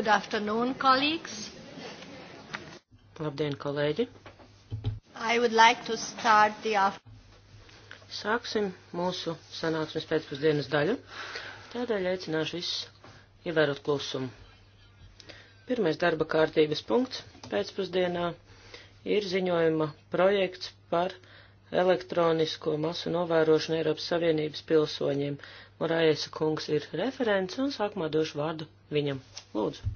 Good afternoon, colleagues. Labdien, kolēģi. I would like to start the after... Sāksim mūsu sanāksmes pēcpusdienas daļu, tādēļ aicināšu visus ievērot klusumu. Pirmais darba kārtības punkts pēcpusdienā ir ziņojuma projekts par elektronisko masu novērošanu Eiropas Savienības pilsoņiem. Morājas kungs ir referents un sākumā došu vārdu viņam. Lūdzu.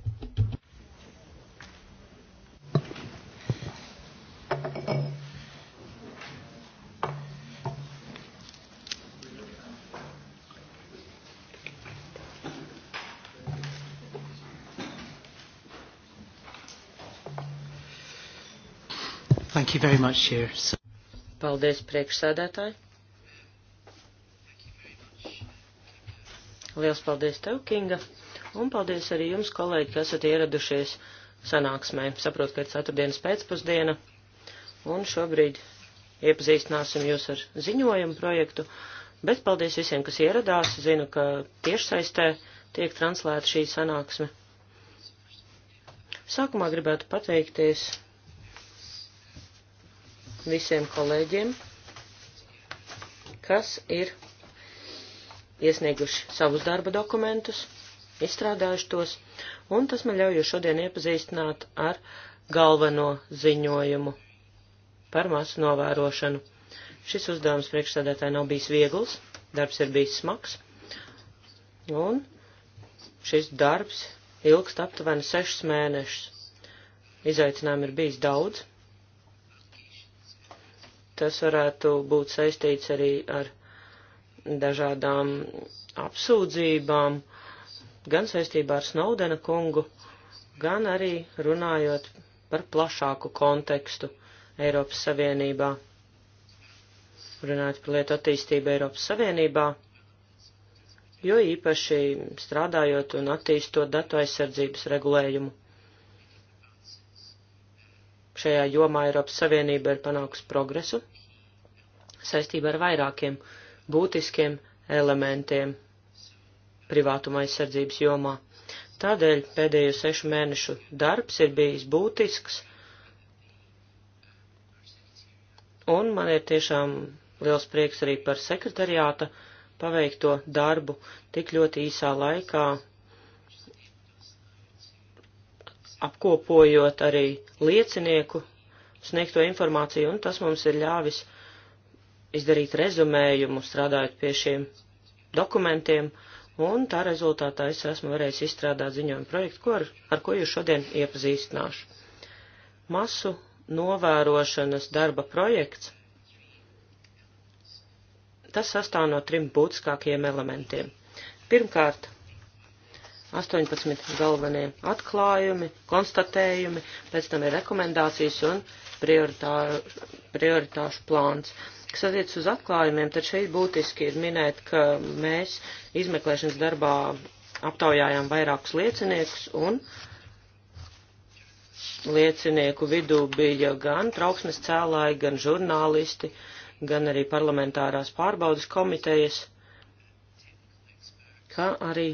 Thank you very much, Chair. So Paldies, priekšsēdētāji. Liels paldies tev, Kinga. Un paldies arī jums, kolēģi, kas esat ieradušies sanāksmē. Saprotu, ka ir ceturtdienas pēcpusdiena. Un šobrīd iepazīstināsim jūs ar ziņojumu projektu. Bet paldies visiem, kas ieradās. Zinu, ka tiešsaistē tiek translēta šī sanāksme. Sākumā gribētu pateikties visiem kolēģiem, kas ir iesnieguši savus darba dokumentus izstrādājuši tos, un tas man ļauj jūs šodien iepazīstināt ar galveno ziņojumu par masu novērošanu. Šis uzdevums priekšsēdētāji nav bijis viegls, darbs ir bijis smags, un šis darbs ilgst aptuveni sešus mēnešus. Izaicinājumu ir bijis daudz. Tas varētu būt saistīts arī ar dažādām apsūdzībām, gan saistībā ar Snaudena kungu, gan arī runājot par plašāku kontekstu Eiropas Savienībā. Runājot par lietu attīstību Eiropas Savienībā, jo īpaši strādājot un attīstot datu aizsardzības regulējumu. Šajā jomā Eiropas Savienība ir panākusi progresu saistībā ar vairākiem būtiskiem elementiem privātuma aizsardzības jomā. Tādēļ pēdējo sešu mēnešu darbs ir bijis būtisks, un man ir tiešām liels prieks arī par sekretariāta paveikto darbu tik ļoti īsā laikā, apkopojot arī liecinieku sniegto informāciju, un tas mums ir ļāvis izdarīt rezumējumu, strādājot pie šiem dokumentiem, un tā rezultātā es esmu varējis izstrādāt ziņojumu projektu, ko ar, ar ko jūs šodien iepazīstināšu. Masu novērošanas darba projekts. Tas sastāv no trim būtiskākajiem elementiem. Pirmkārt, 18 galvenie atklājumi, konstatējumi, pēc tam ir rekomendācijas un prioritāšu plāns. Kas attiec uz atklājumiem, tad šeit būtiski ir minēt, ka mēs izmeklēšanas darbā aptaujājām vairākus lieciniekus un liecinieku vidū bija gan trauksmes cēlāji, gan žurnālisti, gan arī parlamentārās pārbaudas komitejas, kā arī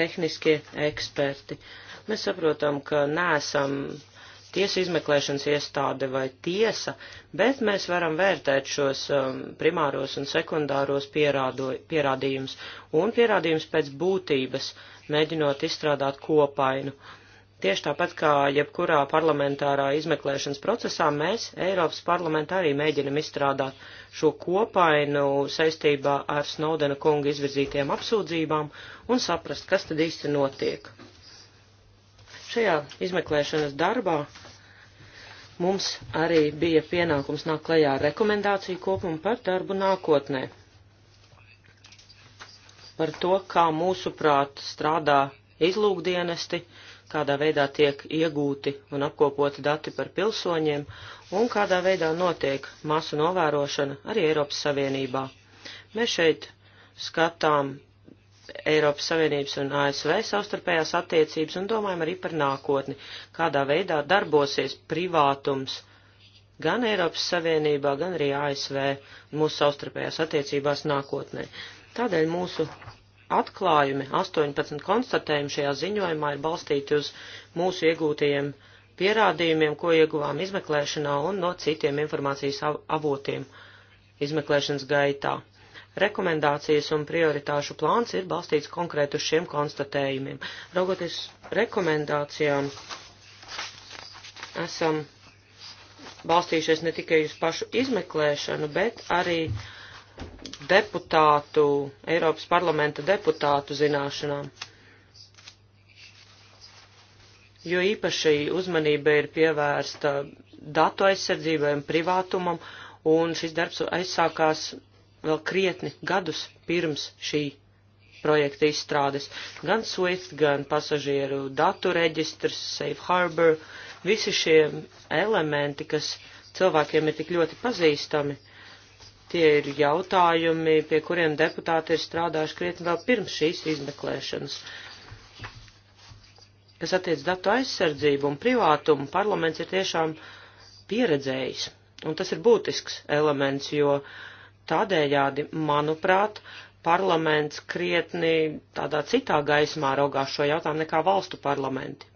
tehniskie eksperti. Mēs saprotam, ka neesam tiesu izmeklēšanas iestāde vai tiesa, bet mēs varam vērtēt šos um, primāros un sekundāros pierādo, pierādījumus un pierādījumus pēc būtības, mēģinot izstrādāt kopainu. Tieši tāpat kā jebkurā parlamentārā izmeklēšanas procesā, mēs Eiropas parlamentā arī mēģinam izstrādāt šo kopainu saistībā ar Snowdena kunga izvirzītiem apsūdzībām un saprast, kas tad īsti notiek šajā izmeklēšanas darbā mums arī bija pienākums nākt klajā ar rekomendāciju kopumu par darbu nākotnē. Par to, kā mūsuprāt strādā izlūkdienesti, kādā veidā tiek iegūti un apkopoti dati par pilsoņiem un kādā veidā notiek masu novērošana arī Eiropas Savienībā. Mēs šeit skatām Eiropas Savienības un ASV savstarpējās attiecības un domājam arī par nākotni, kādā veidā darbosies privātums gan Eiropas Savienībā, gan arī ASV mūsu savstarpējās attiecībās nākotnē. Tādēļ mūsu atklājumi, 18 konstatējumi šajā ziņojumā ir balstīti uz mūsu iegūtajiem pierādījumiem, ko ieguvām izmeklēšanā un no citiem informācijas avotiem izmeklēšanas gaitā rekomendācijas un prioritāšu plāns ir balstīts konkrēt uz šiem konstatējumiem. Raugoties rekomendācijām, esam balstījušies ne tikai uz pašu izmeklēšanu, bet arī deputātu, Eiropas parlamenta deputātu zināšanām. Jo īpaši uzmanība ir pievērsta datu aizsardzībai un privātumam, un šis darbs aizsākās vēl krietni gadus pirms šī projekta izstrādes. Gan SWIFT, gan pasažieru datu reģistrs, Safe Harbor, visi šie elementi, kas cilvēkiem ir tik ļoti pazīstami, tie ir jautājumi, pie kuriem deputāti ir strādājuši krietni vēl pirms šīs izmeklēšanas. Kas attiec datu aizsardzību un privātumu, parlaments ir tiešām pieredzējis. Un tas ir būtisks elements, jo uh, Tādējādi, manuprāt, parlaments krietni tādā citā gaismā raugās šo jautājumu nekā valstu parlamenti.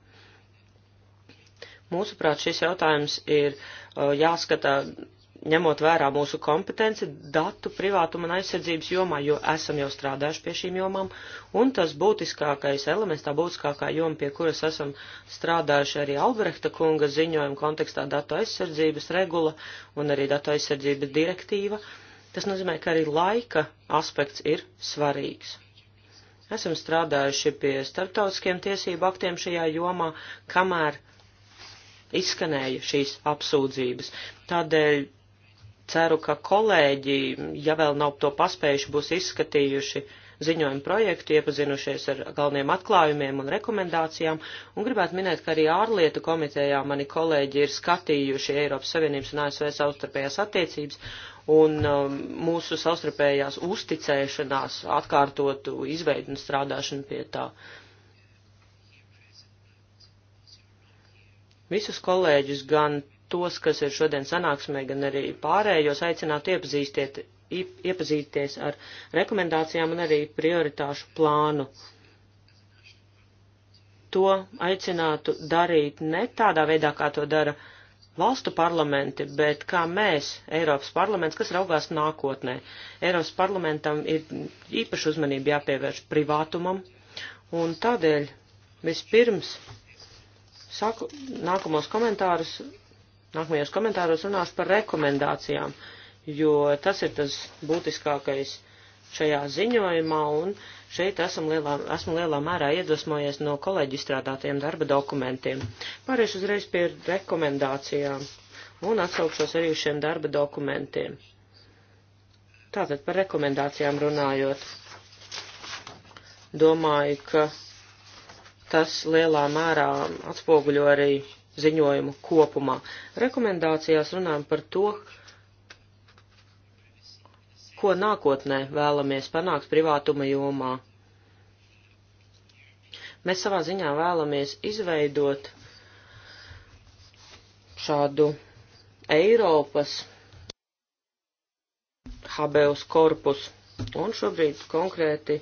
Mūsuprāt, šis jautājums ir uh, jāskata ņemot vērā mūsu kompetenci datu privātuma un aizsardzības jomā, jo esam jau strādājuši pie šīm jomām, un tas būtiskākais elements, tā būtiskākā joma, pie kuras esam strādājuši arī Albrehta kunga ziņojuma kontekstā datu aizsardzības regula un arī datu aizsardzības direktīva, uh, Tas nozīmē, ka arī laika aspekts ir svarīgs. Esam strādājuši pie starptautiskiem tiesību aktiem šajā jomā, kamēr izskanēja šīs apsūdzības. Tādēļ ceru, ka kolēģi, ja vēl nav to paspējuši, būs izskatījuši ziņojumu projektu, iepazinušies ar galveniem atklājumiem un rekomendācijām, un gribētu minēt, ka arī ārlietu komitejā mani kolēģi ir skatījuši Eiropas Savienības un ASV savstarpējās attiecības un um, mūsu savstarpējās uzticēšanās, atkārtotu izveidu un strādāšanu pie tā. Visus kolēģus, gan tos, kas ir šodien sanāksmē, gan arī pārējos, aicinātu iepazīties ar rekomendācijām un arī prioritāšu plānu. To aicinātu darīt ne tādā veidā, kā to dara uh, valstu parlamenti, bet kā mēs, Eiropas parlaments, kas raugās nākotnē. Eiropas parlamentam ir īpaši uzmanība jāpievērš privātumam, un tādēļ vispirms saku, nākamos komentārus, nākamajos komentāros runāšu par rekomendācijām, jo tas ir tas būtiskākais šajā ziņojumā, un Šeit esam lielā, esmu lielā mērā iedvesmojies no kolēģi izstrādātiem darba dokumentiem. Pāriešu uzreiz pie rekomendācijām un atsaukšos arī uz šiem darba dokumentiem. Tātad par rekomendācijām runājot. Domāju, ka tas lielā mērā atspoguļo arī ziņojumu kopumā. Rekomendācijās runājam par to, ko nākotnē vēlamies panākt privātuma jomā. Mēs savā ziņā vēlamies izveidot šādu Eiropas habeus korpus, un šobrīd konkrēti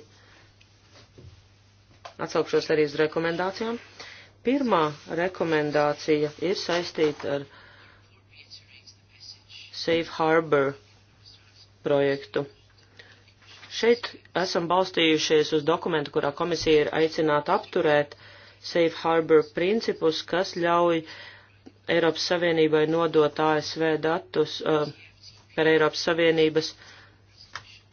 atsaukšos arī uz rekomendācijām. Pirmā rekomendācija ir saistīta ar Safe Harbor projektu. Šeit esam balstījušies uz dokumentu, kurā komisija ir aicināta apturēt safe harbor principus, kas ļauj Eiropas Savienībai nodot ASV datus uh, par Eiropas Savienības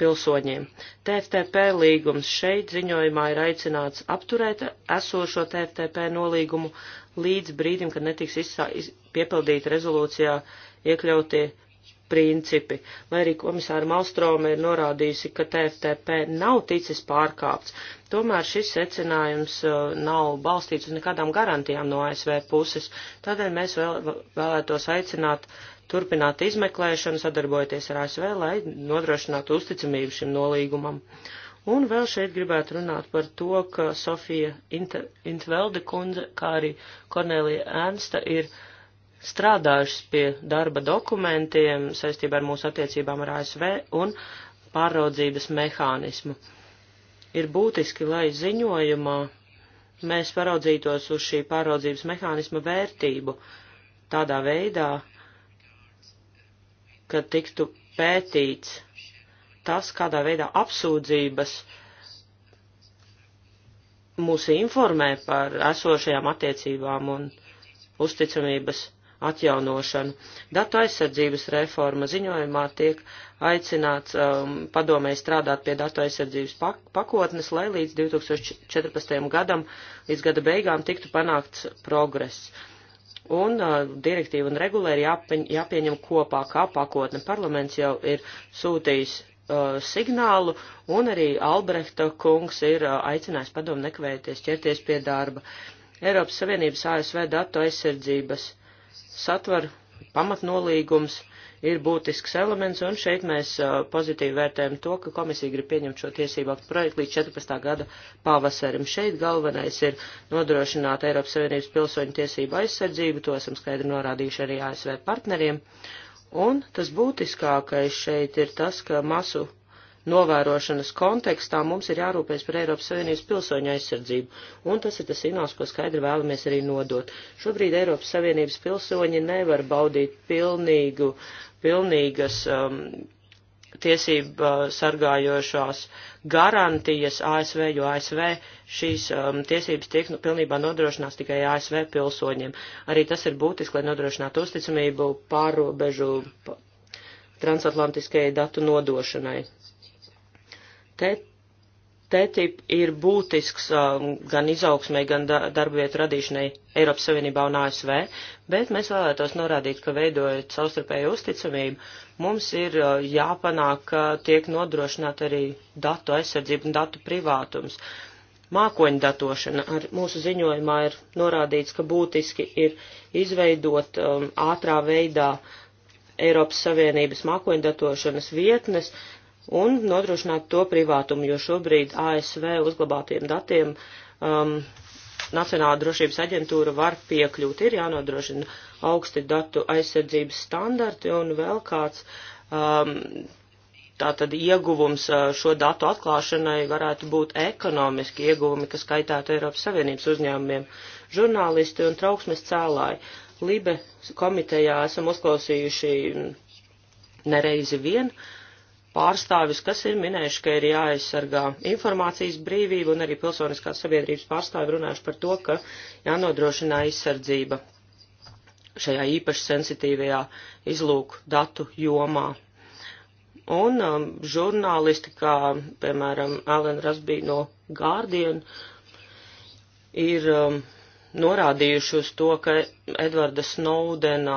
pilsoņiem. TFTP līgums šeit ziņojumā ir aicināts apturēt esošo TFTP nolīgumu līdz brīdim, kad netiks izsā, iz, piepildīti rezolūcijā iekļautie principi, lai arī komisāra Malstrome ir norādījusi, ka TFTP nav ticis pārkāpts. Tomēr šis secinājums uh, nav balstīts uz nekādām garantijām no ASV puses. Tādēļ mēs vēl, vēlētos aicināt turpināt izmeklēšanu, sadarbojoties ar ASV, lai nodrošinātu uzticamību šim nolīgumam. Un vēl šeit gribētu runāt par to, ka Sofija Intvelde kundze, kā arī Kornelija Ernsta ir strādājušas pie darba dokumentiem saistībā ar mūsu attiecībām ar ASV un pārraudzības mehānismu. Ir būtiski, lai ziņojumā mēs paraudzītos uz šī pāraudzības mehānisma vērtību tādā veidā, ka tiktu pētīts tas, kādā veidā apsūdzības mūs informē par esošajām attiecībām un uzticamības atjaunošanu. Datu aizsardzības reforma ziņojumā tiek aicināts um, padomēji strādāt pie datu aizsardzības pak pakotnes, lai līdz 2014. gadam, līdz gada beigām tiktu panākts progress. Un uh, direktīva un regulē ir jāpieņ, jāpieņem kopā kā pakotne. Parlaments jau ir sūtījis uh, signālu, un arī Albrehta kungs ir uh, aicinājis padomu nekavēties ķerties pie darba. Eiropas Savienības ASV datu aizsardzības uh, satver pamatnolīgums ir būtisks elements, un šeit mēs pozitīvi vērtējam to, ka komisija grib pieņemt šo tiesību aktu projektu līdz 14. gada pavasarim. Šeit galvenais ir nodrošināt Eiropas Savienības pilsoņu tiesību aizsardzību, to esam skaidri norādījuši arī ASV partneriem. Un tas būtiskākais šeit ir tas, ka masu novērošanas kontekstā mums ir jārūpējas par Eiropas Savienības pilsoņu aizsardzību, un tas ir tas signāls, ko skaidri vēlamies arī nodot. Šobrīd Eiropas Savienības pilsoņi nevar baudīt pilnīgu, pilnīgas um, tiesību uh, sargājošās garantijas ASV, jo ASV šīs um, tiesības tiek nu, pilnībā nodrošinās tikai ASV pilsoņiem. Arī tas ir būtiski, lai nodrošinātu uzticamību pārobežu transatlantiskajai datu nodošanai. Te, TTIP ir būtisks gan izaugsmai, gan darbvietu radīšanai Eiropas Savienībā un ASV, bet mēs vēlētos norādīt, ka veidojot savstarpēju uzticamību, mums ir jāpanāk, ka tiek nodrošināta arī datu aizsardzība un datu privātums mākoņu datošana. Ar mūsu ziņojumā ir norādīts, ka būtiski ir izveidot um, ātrā veidā Eiropas Savienības mākoņu datošanas vietnes, un nodrošināt to privātumu, jo šobrīd ASV uzglabātiem datiem um, Nacionāla drošības aģentūra var piekļūt. Ir jānodrošina augsti datu aizsardzības standarti un vēl kāds um, tātad ieguvums uh, šo datu atklāšanai varētu būt ekonomiski ieguvumi, kas kaitētu Eiropas Savienības uzņēmumiem, žurnālisti un trauksmes cēlāji. Libe komitejā esam uzklausījuši nereizi vien uh, pārstāvis, kas ir minējuši, ka ir jāaizsargā informācijas brīvība, un arī pilsoniskās sabiedrības pārstāvi runājuši par to, ka jānodrošina aizsardzība šajā īpaši sensitīvajā izlūku datu jomā. Un um, žurnālisti, kā piemēram Ellen Rasbī no Guardian, ir um, norādījuši uz to, ka Edvarda Snowdena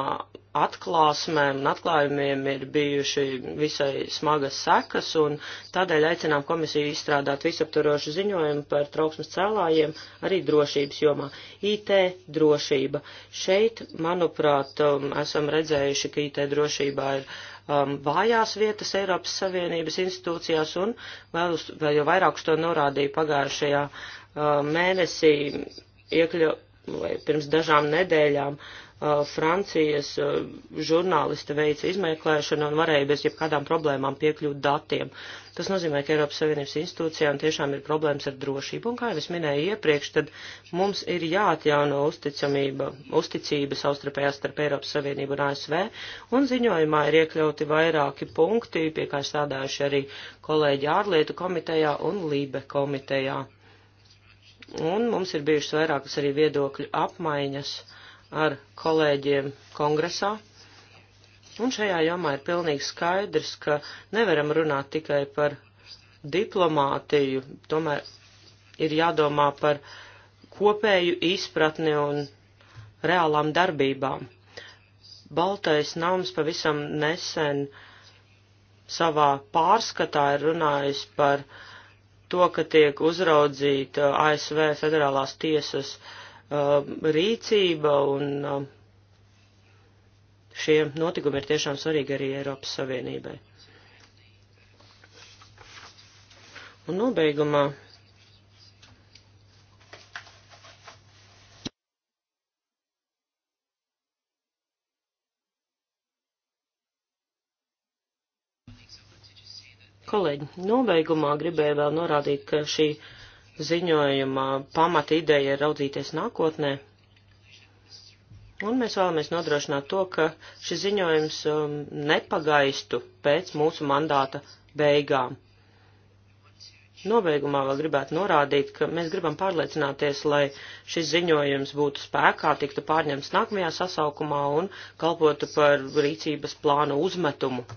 atklāsmēm un atklājumiem ir bijuši visai smagas sekas, un tādēļ aicinām komisiju izstrādāt visaptvarošu ziņojumu par trauksmes cēlājiem arī drošības jomā. IT drošība. Šeit, manuprāt, um, esam redzējuši, ka IT drošībā ir um, vājās vietas Eiropas Savienības institūcijās, un vēl, uz, vēl jau vairāk uz to norādīja pagājušajā uh, mēnesī iekļau vai pirms dažām nedēļām uh, Francijas uh, žurnālisti veica izmeklēšanu un varēja bez jebkādām problēmām piekļūt datiem. Tas nozīmē, ka Eiropas Savienības institūcijām tiešām ir problēmas ar drošību, un kā jau es minēju iepriekš, tad mums ir jāatjauno uzticamība, uzticība savstarpējā starp Eiropas Savienību un ASV, un ziņojumā ir iekļauti vairāki punkti, pie kā strādājuši arī kolēģi ārlietu komitejā un Lībe komitejā. Un mums ir bijušas vairākas arī viedokļu apmaiņas ar kolēģiem kongresā. Un šajā jomā ir pilnīgi skaidrs, ka nevaram runāt tikai par diplomātiju, tomēr ir jādomā par kopēju izpratni un reālām darbībām. Baltais nams pavisam nesen savā pārskatā ir runājis par uh, to, ka tiek uzraudzīta ASV federālās tiesas uh, rīcība un uh, šie notikumi ir tiešām svarīgi arī Eiropas Savienībai. Un nobeigumā kolēģi, nobeigumā gribēju vēl norādīt, ka šī ziņojuma pamata ideja ir raudzīties nākotnē. Un mēs vēlamies nodrošināt to, ka šis ziņojums um, nepagaistu pēc mūsu mandāta beigām. Nobeigumā vēl gribētu norādīt, ka mēs gribam pārliecināties, lai šis ziņojums būtu spēkā, tiktu pārņemts nākamajā sasaukumā un kalpotu par rīcības plānu uzmetumu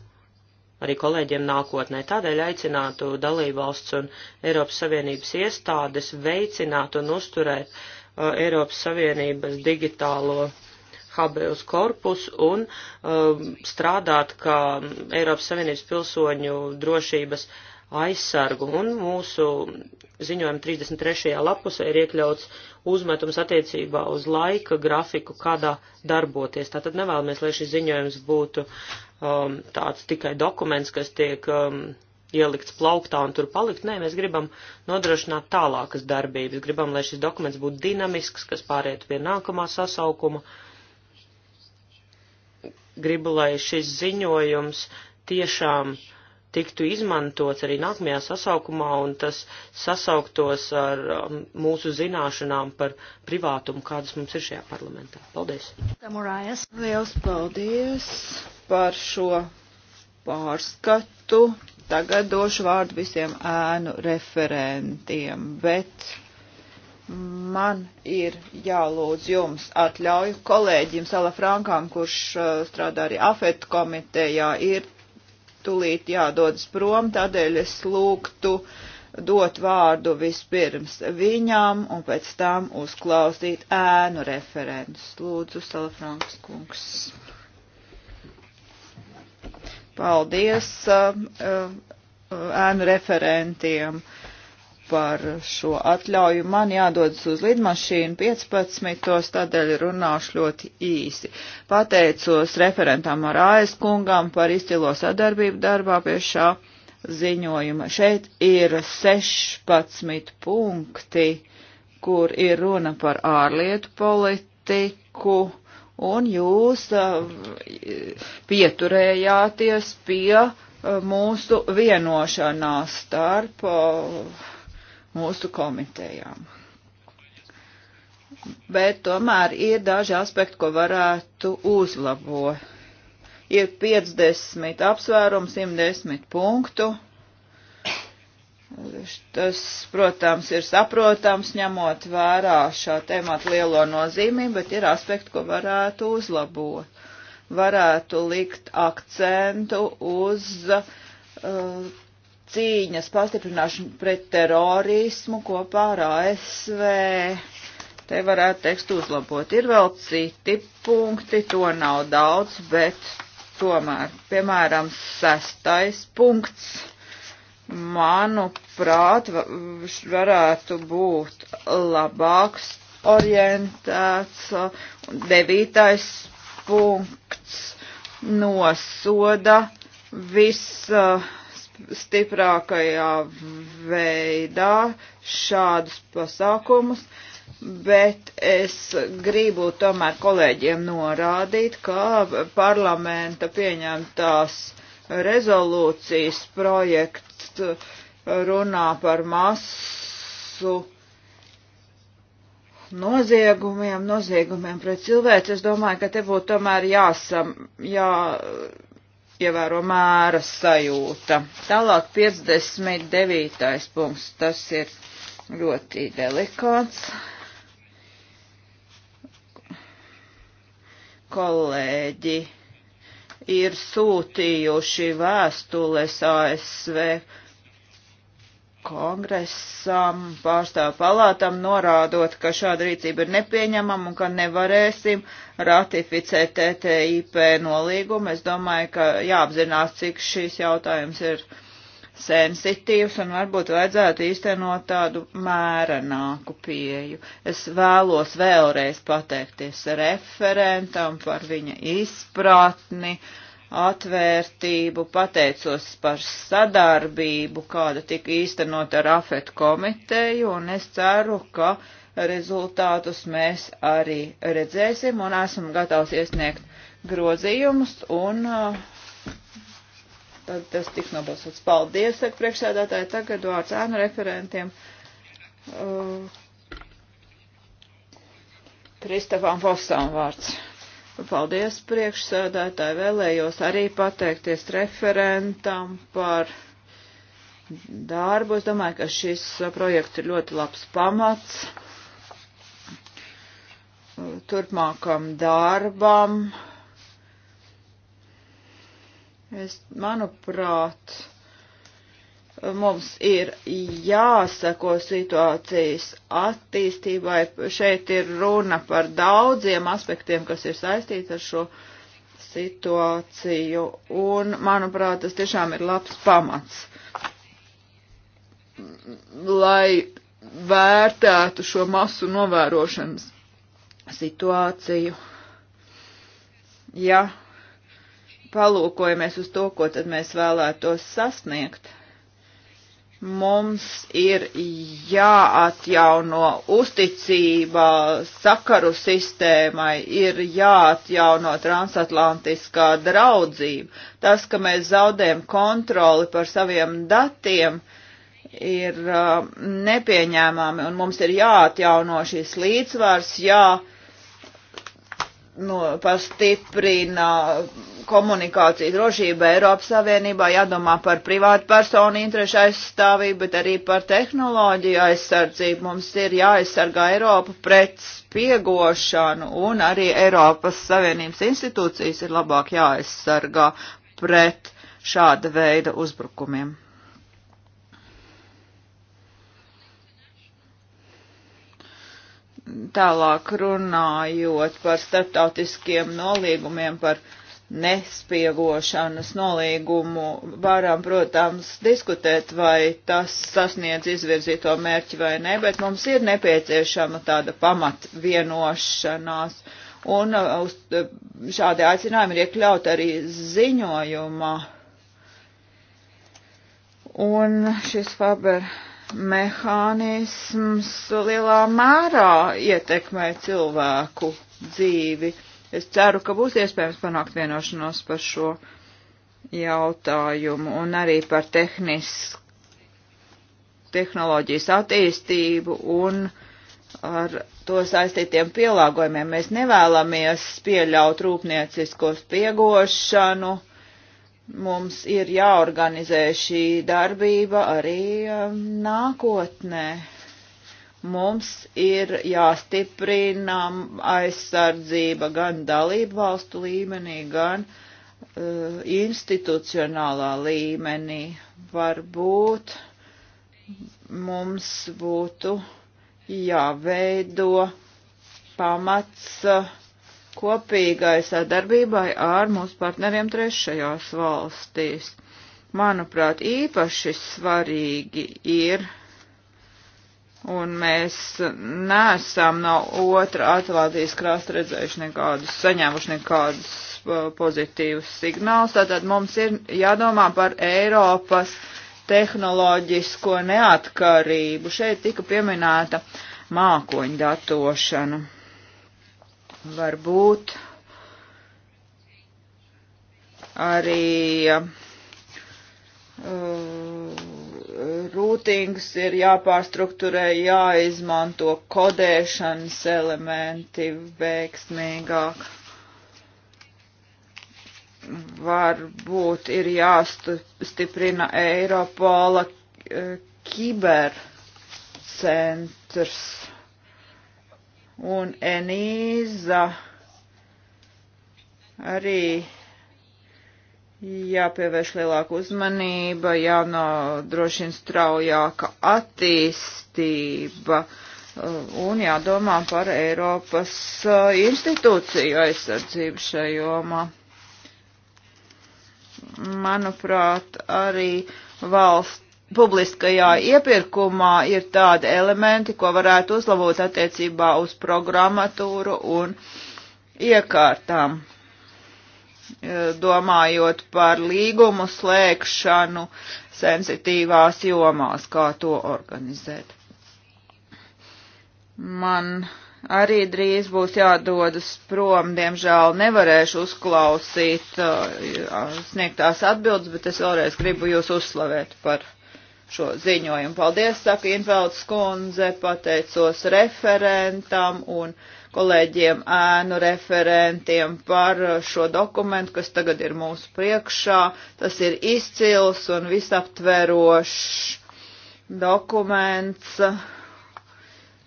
arī kolēģiem nākotnē. Tādēļ aicinātu dalībvalsts un Eiropas Savienības iestādes veicināt un uzturēt uh, Eiropas Savienības digitālo habeus korpus un uh, strādāt kā Eiropas Savienības pilsoņu drošības aizsargu. Un mūsu ziņojuma 33. lapusē ir iekļauts uzmetums attiecībā uz laika grafiku, kādā darboties. Tātad nevēlamies, lai šis ziņojums būtu um, tāds tikai dokuments, kas tiek um, ielikts plauktā un tur palikt. Nē, mēs gribam nodrošināt tālākas darbības. Gribam, lai šis dokuments būtu dinamisks, kas pāriet pie nākamā sasaukuma. Gribu, lai šis ziņojums tiešām uh, tiktu izmantots arī nākamajā sasaukumā un tas sasauktos ar um, mūsu zināšanām par privātumu, kādas mums ir šajā parlamentā. Paldies! Samurājas, liels paldies par šo pārskatu. Tagad došu vārdu visiem ēnu referentiem, bet man ir jālūdz jums atļauju kolēģim Salafrankām, kurš uh, strādā arī AFET komitejā, ir tūlīt jādodas prom, tādēļ es lūgtu dot vārdu vispirms viņām un pēc tam uzklausīt ēnu referentus. Lūdzu, Salafranks kungs. Paldies uh, uh, ēnu referentiem. Uh, par šo atļauju. Man jādodas uz lidmašīnu 15. tādēļ runāšu ļoti īsi. Pateicos referentam ar AS kungam par izcilo sadarbību darbā pie šā ziņojuma. Šeit ir 16 punkti, kur ir runa par ārlietu politiku un jūs uh, pieturējāties pie uh, mūsu vienošanās starp uh, mūsu komitejām. Bet tomēr ir daži aspekti, ko varētu uzlabot. Ir 50 apsvērumu, 110 punktu. Tas, protams, ir saprotams, ņemot vērā šā temata lielo nozīmību, bet ir aspekti, ko varētu uzlabot. Varētu likt akcentu uz uh, cīņas pastiprināšanu pret terorismu kopā ar ASV. Te varētu tekstu uzlabot. Ir vēl citi punkti, to nav daudz, bet tomēr, piemēram, sestais punkts, manuprāt, varētu būt labāks orientēts. Devītais punkts nosoda viss. Uh, stiprākajā veidā šādus pasākumus, bet es gribu tomēr kolēģiem norādīt, ka parlamenta pieņemtās rezolūcijas projekts uh, runā par masu noziegumiem, noziegumiem pret cilvēci. Es domāju, ka te būtu tomēr jāsam, jā, jāievēro mēra sajūta. Tālāk 59. punkts, tas ir ļoti delikāts. Kolēģi ir sūtījuši vēstules ASV kongresam, pārstāvu palātam norādot, ka šāda rīcība ir nepieņemama un ka nevarēsim ratificēt TTIP nolīgumu. Es domāju, ka jāapzinās, cik šīs jautājums ir sensitīvs un varbūt vajadzētu īstenot tādu mērenāku pieju. Es vēlos vēlreiz pateikties referentam par viņa izpratni. Uh, atvērtību, pateicos par sadarbību, kāda tika īstenot ar AFET komiteju, un es ceru, ka rezultātus mēs arī redzēsim, un esam gatavs iesniegt grozījumus, un uh, tad tas tiks nobalsots. Paldies, saka priekšsēdētāji, tagad vārds ēnu referentiem. Uh, Kristofam Fosam vārds. Paldies priekšsēdētāji, vēlējos arī pateikties referentam par darbu. Es domāju, ka šis projekts ir ļoti labs pamats turpmākam darbam. Es, manuprāt, mums ir jāsako situācijas attīstībai. Šeit ir runa par daudziem aspektiem, kas ir saistīti ar šo situāciju, un, manuprāt, tas tiešām ir labs pamats, lai vērtētu šo masu novērošanas situāciju. Ja palūkojamies uz to, ko tad mēs vēlētos sasniegt, Mums ir jāatjauno uzticība sakaru sistēmai, ir jāatjauno transatlantiskā draudzība. Tas, ka mēs zaudējam kontroli par saviem datiem, ir uh, nepieņēmami un mums ir jāatjauno šis līdzsvars, jā. Uh, nu, pastiprina komunikāciju drošību Eiropas Savienībā, jādomā par privātu personu interešu aizstāvību, bet arī par tehnoloģiju aizsardzību. Mums ir jāaizsargā Eiropa pret spiegošanu, un arī Eiropas Savienības institūcijas ir labāk jāaizsargā pret šāda veida uzbrukumiem. Tālāk runājot par starptautiskiem nolīgumiem, par nespiegošanas nolīgumu, varam, protams, diskutēt, vai tas sasniedz izvirzīto mērķi vai nē, bet mums ir nepieciešama tāda pamatvienošanās. Un uh, uz uh, šādi aicinājumi ir iekļaut arī ziņojumā. Un šis Faber mehānisms lielā mērā ietekmē cilvēku dzīvi. Es ceru, ka būs iespējams panākt vienošanos par šo jautājumu un arī par tehnisku tehnoloģijas attīstību un ar to saistītiem pielāgojumiem. Mēs nevēlamies pieļaut rūpniecisko spiegošanu mums ir jāorganizē šī darbība arī um, nākotnē. Mums ir jāstiprina aizsardzība gan dalību valstu līmenī, gan uh, institucionālā līmenī. Varbūt mums būtu jāveido pamats uh, kopīgai sadarbībai ar mūsu partneriem trešajās valstīs. Manuprāt, īpaši svarīgi ir, un mēs nesam no otra Atlantijas krasta redzējuši nekādus, saņēmuši nekādus uh, pozitīvus signālus, tātad mums ir jādomā par Eiropas tehnoloģisko neatkarību. Šeit tika pieminēta mākoņdatošana varbūt arī uh, rūtings ir jāpārstrukturē, jāizmanto kodēšanas elementi veiksmīgāk. Varbūt ir jāstiprina Eiropola uh, kibercentrs un Enīza arī jāpievērš lielāka uzmanība, jānodrošina straujāka attīstība uh, un jādomā par Eiropas uh, institūciju aizsardzību šajā jomā. Manuprāt, arī valsts publiskajā iepirkumā ir tādi elementi, ko varētu uzlabot attiecībā uz programmatūru un iekārtām. E, domājot par līgumu slēgšanu sensitīvās jomās, kā to organizēt. Man arī drīz būs jādodas prom, diemžēl nevarēšu uzklausīt e, sniegtās atbildes, bet es vēlreiz gribu jūs uzslavēt par šo ziņojumu. Paldies, saka Infelds kundze, pateicos referentam un kolēģiem ēnu referentiem par šo dokumentu, kas tagad ir mūsu priekšā. Tas ir izcils un visaptverošs dokuments.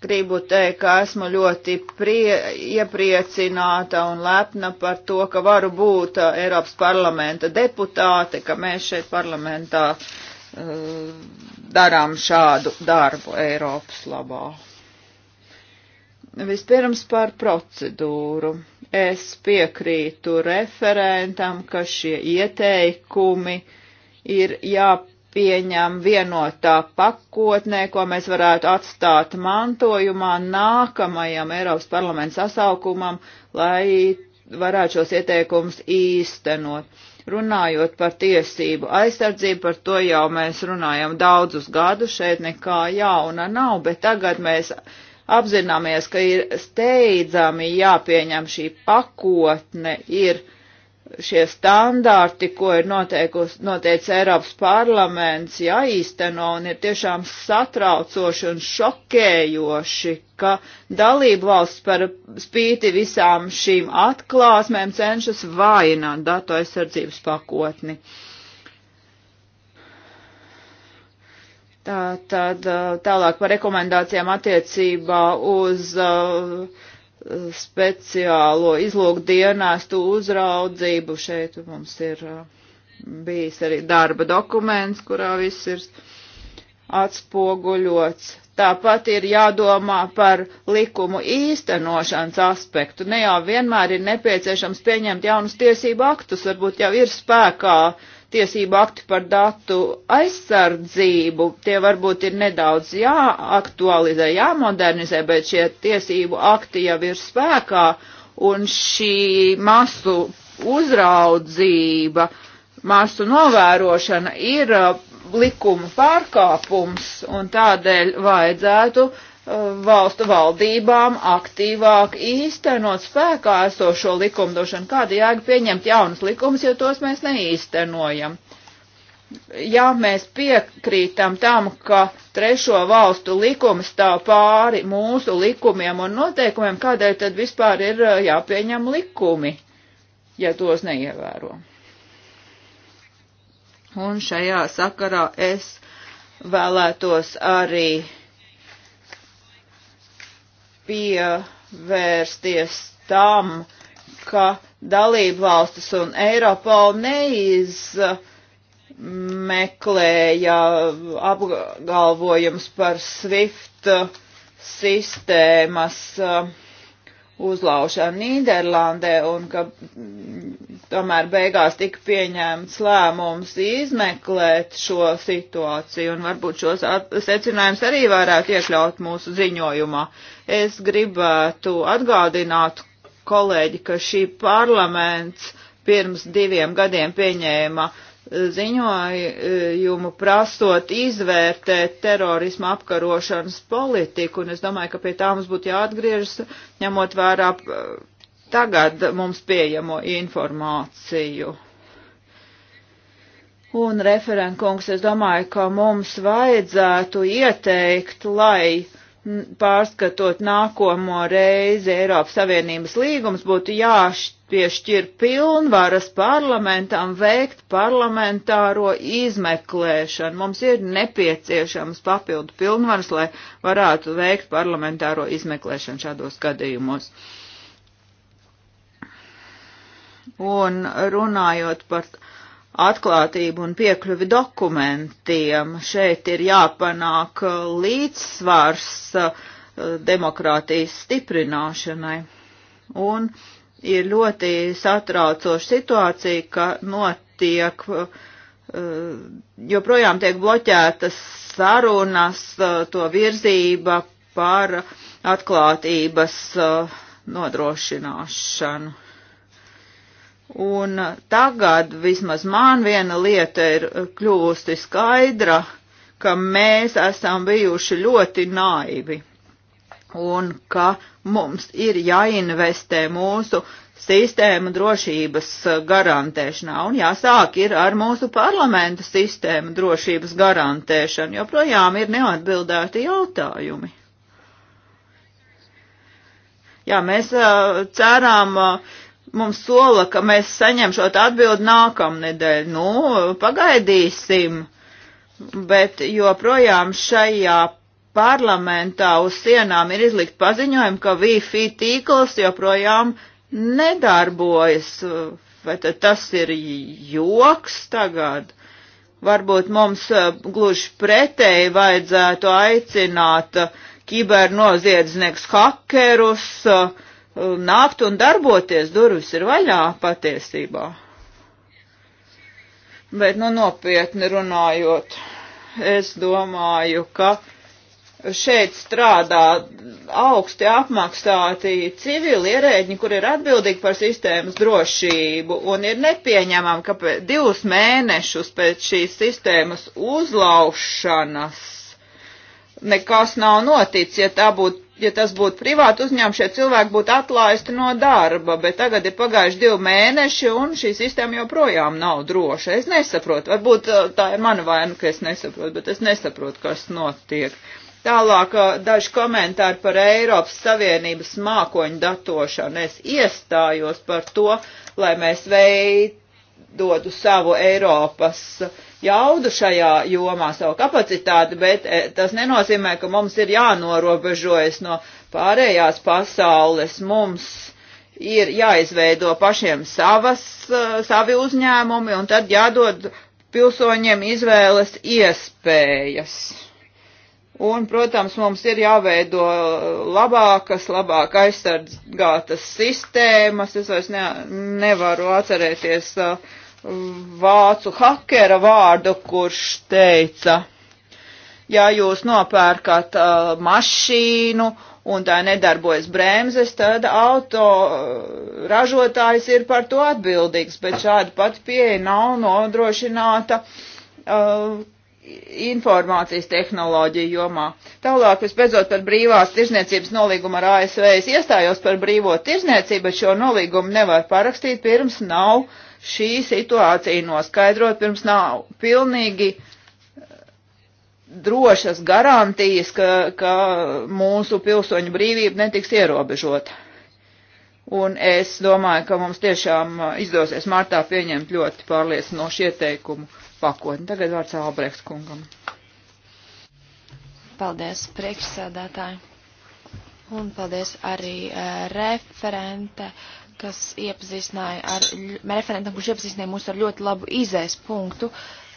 Gribu teikt, ka esmu ļoti prie, iepriecināta un lepna par to, ka varu būt Eiropas parlamenta deputāte, ka mēs šeit parlamentā uh, Eh, darām šādu darbu Eiropas labā. Vispirms par procedūru. Es piekrītu referentam, ka šie ieteikumi ir jāpieņem vienotā pakotnē, ko mēs varētu atstāt mantojumā nākamajam Eiropas parlamenta sasaukumam, lai varētu šos ieteikumus īstenot Runājot par tiesību aizsardzību, par to jau mēs runājam daudzus gadus, šeit nekā jauna nav, bet tagad mēs apzināmies, ka ir steidzami jāpieņem šī pakotne, ir šie standarti, ko ir noteicis Eiropas parlaments, jāīsteno un ir tiešām satraucoši un šokējoši, ka dalību valsts par spīti visām šīm atklāsmēm cenšas vājināt datu aizsardzības pakotni. Tā, tad tālāk par rekomendācijām attiecībā uz uh, speciālo izlūkdienestu uzraudzību. Šeit mums ir uh, bijis arī darba dokuments, kurā viss ir atspoguļots. Tāpat ir jādomā par likumu īstenošanas aspektu. Ne jau vienmēr ir nepieciešams pieņemt jaunus tiesību aktus, varbūt jau ir spēkā uh, tiesību akti par datu aizsardzību, tie varbūt ir nedaudz jāaktualizē, jāmodernizē, bet šie tiesību akti jau ir spēkā un šī masu uzraudzība, masu novērošana ir uh, likuma pārkāpums un tādēļ vajadzētu uh, valstu valdībām aktīvāk īstenot spēkā esošo likumdošanu. Kāda jēga pieņemt jaunus likumus, ja tos mēs neīstenojam? Ja mēs piekrītam tam, ka trešo valstu likums stāv pāri mūsu likumiem un noteikumiem, kādēļ tad vispār ir uh, jāpieņem likumi, ja tos neievēro? Un šajā sakarā es vēlētos arī pievērsties tam, ka dalību valstis un Eiropola neizmeklēja apgalvojums par SWIFT sistēmas uh, uzlaušanu Nīderlandē un ka mm, tomēr beigās tika pieņēmts lēmums izmeklēt šo situāciju un varbūt šos secinājums arī varētu iekļaut mūsu ziņojumā. Es gribētu atgādināt kolēģi, ka šī parlaments pirms diviem gadiem pieņēma uh, ziņojumu prasot izvērtēt terorismu apkarošanas politiku, un es domāju, ka pie tā mums būtu jāatgriežas, ņemot vērā eh, tagad mums pieejamo informāciju. Un, referentkungs, es domāju, ka mums vajadzētu ieteikt, lai pārskatot nākamo reizi Eiropas Savienības līgums būtu jāšķirt piešķir pilnvaras parlamentam veikt parlamentāro izmeklēšanu. Mums ir nepieciešams papildu pilnvaras, lai varētu veikt parlamentāro izmeklēšanu šādos gadījumos. Un runājot par atklātību un piekļuvi dokumentiem, šeit ir jāpanāk līdzsvars eh, demokrātijas stiprināšanai. Un uh, ir ļoti satraucoša situācija, ka notiek, uh, joprojām tiek bloķētas sarunas, uh, to virzība par atklātības uh, nodrošināšanu. Un tagad vismaz man viena lieta ir kļūsti skaidra, ka mēs esam bijuši ļoti naivi un ka mums ir jāinvestē mūsu sistēmu drošības uh, garantēšanā un jāsāk ir ar mūsu parlamentu sistēmu drošības garantēšanu, jo projām ir neatbildēti jautājumi. Jā, mēs uh, cerām, uh, mums sola, ka mēs saņem šo atbildi nākamnedēļ. Nu, pagaidīsim, bet joprojām šajā parlamentā uz sienām ir izlikt paziņojumi, ka Wi-Fi tīkls joprojām nedarbojas. Vai tad tas ir joks tagad? Varbūt mums eh, gluži pretēji vajadzētu aicināt eh, kibernoziedznieks hakerus eh, nākt un darboties, durvis ir vaļā patiesībā. Bet, nu, nopietni runājot, es domāju, ka uh, šeit strādā augsti apmaksāti civili ierēģi, kur ir atbildīgi par sistēmas drošību, un ir nepieņemam, ka divus mēnešus pēc šīs sistēmas uzlaušanas nekas nav noticis, ja tā būtu. Ja tas būtu privāti uzņēmumi, šie cilvēki būtu atlaisti no darba, bet tagad ir pagājuši divi mēneši un šī sistēma joprojām nav droša. Es nesaprotu, varbūt uh, tā ir mana vaina, ka es nesaprotu, bet es nesaprotu, kas notiek. Uh, Tālāk daži komentāri par Eiropas Savienības mākoņu datošanu. Es iestājos par to, lai mēs veidotu savu Eiropas jaudu šajā jomā, savu kapacitāti, bet tas nenozīmē, ka mums ir jānorobežojas no pārējās pasaules. Mums ir jāizveido pašiem savas, savi uzņēmumi un tad jādod pilsoņiem izvēles iespējas Un, protams, mums ir jāveido labākas, labāk aizsargātas sistēmas. Es vairs ne, nevaru atcerēties uh, vācu hakera vārdu, kurš teica, ja jūs nopērkat uh, mašīnu un tā nedarbojas bremzes, tad auto uh, ražotājs ir par to atbildīgs, bet šāda pat pieeja nav nodrošināta uh, informācijas tehnoloģiju jomā. Tālāk, visbeidzot, par brīvās tirzniecības nolīgumu ar ASV. Es iestājos par brīvo tirzniecību, bet šo nolīgumu nevar parakstīt, pirms nav šī situācija noskaidrot, pirms nav pilnīgi eh, drošas garantijas, ka, ka mūsu pilsoņu brīvība netiks ierobežota. Un es domāju, ka mums tiešām eh, izdosies martā pieņemt ļoti pārliecinošu ieteikumu pakotni. Tagad vārds Albrecht kungam. Paldies, priekšsēdētāji. Un paldies arī uh, referente, kas iepazīstināja ar, referentam, kurš iepazīstināja mūs ar ļoti labu izējas punktu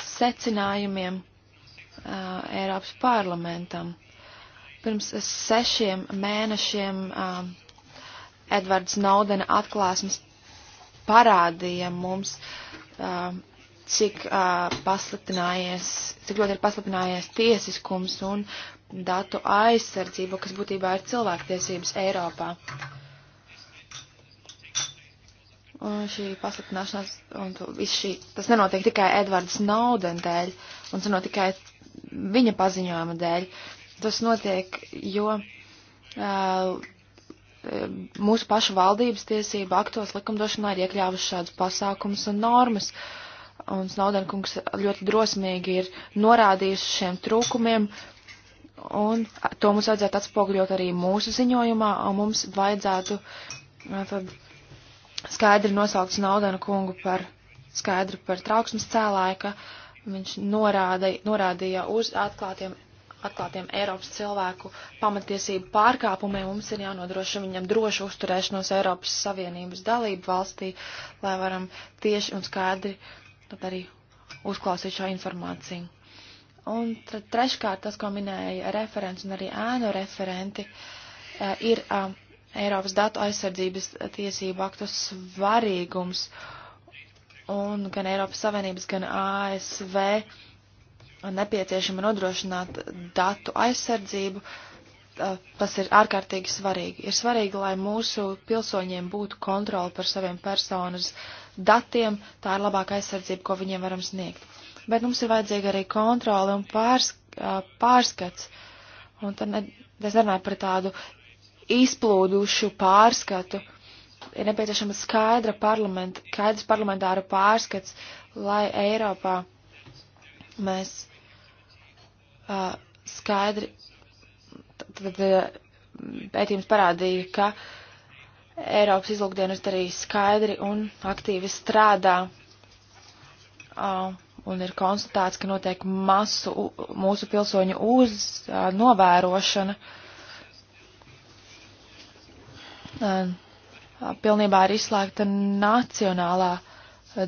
secinājumiem uh, Eiropas parlamentam. Pirms sešiem mēnešiem uh, Edvards Naudena atklāsmes parādīja mums uh, cik uh, pasliktinājies, cik ļoti ir pasliktinājies tiesiskums un datu aizsardzība, kas būtībā ir cilvēktiesības Eiropā. Un šī pasliktināšanās, un tu, šī, tas nenotiek tikai Edvards Snowden dēļ, un tas notiek tikai viņa paziņojuma dēļ. Tas notiek, jo uh, mūsu pašu valdības tiesība aktos likumdošanā ir iekļāvuši šādus pasākumus un normas. Uh, un Snowdenkungs ļoti drosmīgi ir norādījis šiem trūkumiem, un to mums vajadzētu atspoguļot arī mūsu ziņojumā, un mums vajadzētu uh, tad skaidri nosaukt Snowdenkungu par skaidru par trauksmes cēlāju, ka viņš norāda, norādīja uz atklātiem atklātiem Eiropas cilvēku pamatiesību pārkāpumiem, mums ir jānodrošina viņam drošu uzturēšanos Eiropas Savienības dalību valstī, lai varam tieši un skaidri uh, tad arī uzklausīt šo informāciju. Un treškārt tas, ko minēja referents un arī ēnu referenti, eh, ir eh, Eiropas datu aizsardzības tiesību aktu svarīgums. Un gan Eiropas Savienības, gan ASV nepieciešama nodrošināt datu aizsardzību. Eh, tas ir ārkārtīgi svarīgi. Ir svarīgi, lai mūsu pilsoņiem būtu kontroli par saviem personas uh, datiem, tā ir labāka aizsardzība, ko viņiem varam sniegt. Bet mums ir vajadzīga arī kontrole un pārsk pārskats. Un tad ne, es runāju par tādu izplūdušu pārskatu. Ir nepieciešama skaidra parlamenta, skaidrs parlamentāra pārskats, lai Eiropā mēs uh, skaidri, tad pētījums parādīja, ka uh, Eiropas izlūkdienas arī skaidri un aktīvi strādā. Uh, un ir konstatēts, ka notiek masu mūsu pilsoņu uz uh, novērošana. Uh, pilnībā ir izslēgta nacionālā uh,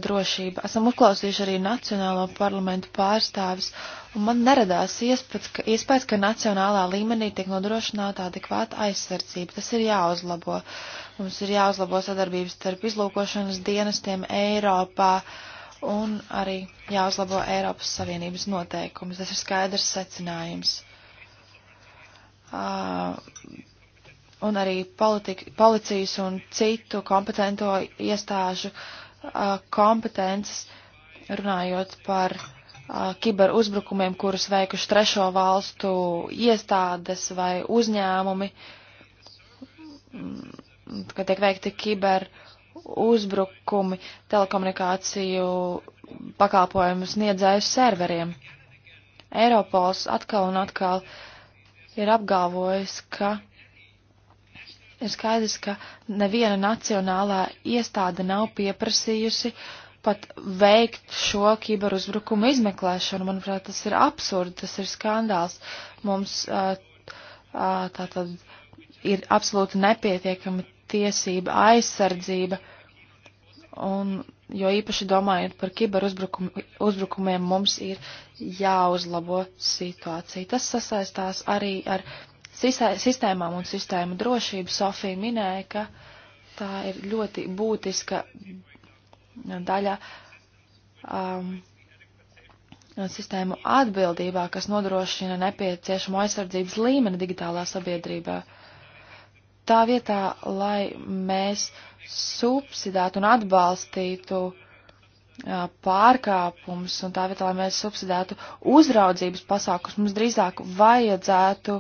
drošība. Esam uzklausījuši arī nacionālo parlamentu pārstāvis, un man neradās iespējas, ka, iespēc, ka nacionālā līmenī tiek nodrošināta adekvāta aizsardzība. Tas ir jāuzlabo. Uh, Mums ir jāuzlabo sadarbības starp izlūkošanas dienestiem Eiropā un arī jāuzlabo Eiropas Savienības noteikums. Tas ir skaidrs secinājums. Uh, un arī politika, policijas un citu kompetento iestāžu uh, kompetences, runājot par uh, kiber uzbrukumiem, kurus veikuši trešo valstu iestādes vai uzņēmumi. Mm ka tiek veikti kiber uzbrukumi telekomunikāciju pakalpojumu sniedzēju serveriem. Eiropols atkal un atkal ir apgalvojis, ka ir skaidrs, ka neviena nacionālā iestāde nav pieprasījusi pat veikt šo kiberuzbrukumu izmeklēšanu. Manuprāt, tas ir absurdi, tas ir skandāls. Mums tātad ir absolūti nepietiekami tiesība, aizsardzība, un jo īpaši domājot par kiberuzbrukum, uzbrukumiem, mums ir jāuzlabo situācija. Tas sasaistās arī ar sistēmām un sistēmu drošību. Sofija minēja, ka tā ir ļoti būtiska daļa um, sistēmu atbildībā, kas nodrošina nepieciešamo aizsardzības līmeni digitālā sabiedrībā. Uh, tā vietā, lai mēs subsidētu un atbalstītu pārkāpums un tā vietā, lai mēs subsidētu uzraudzības pasākums, mums drīzāk vajadzētu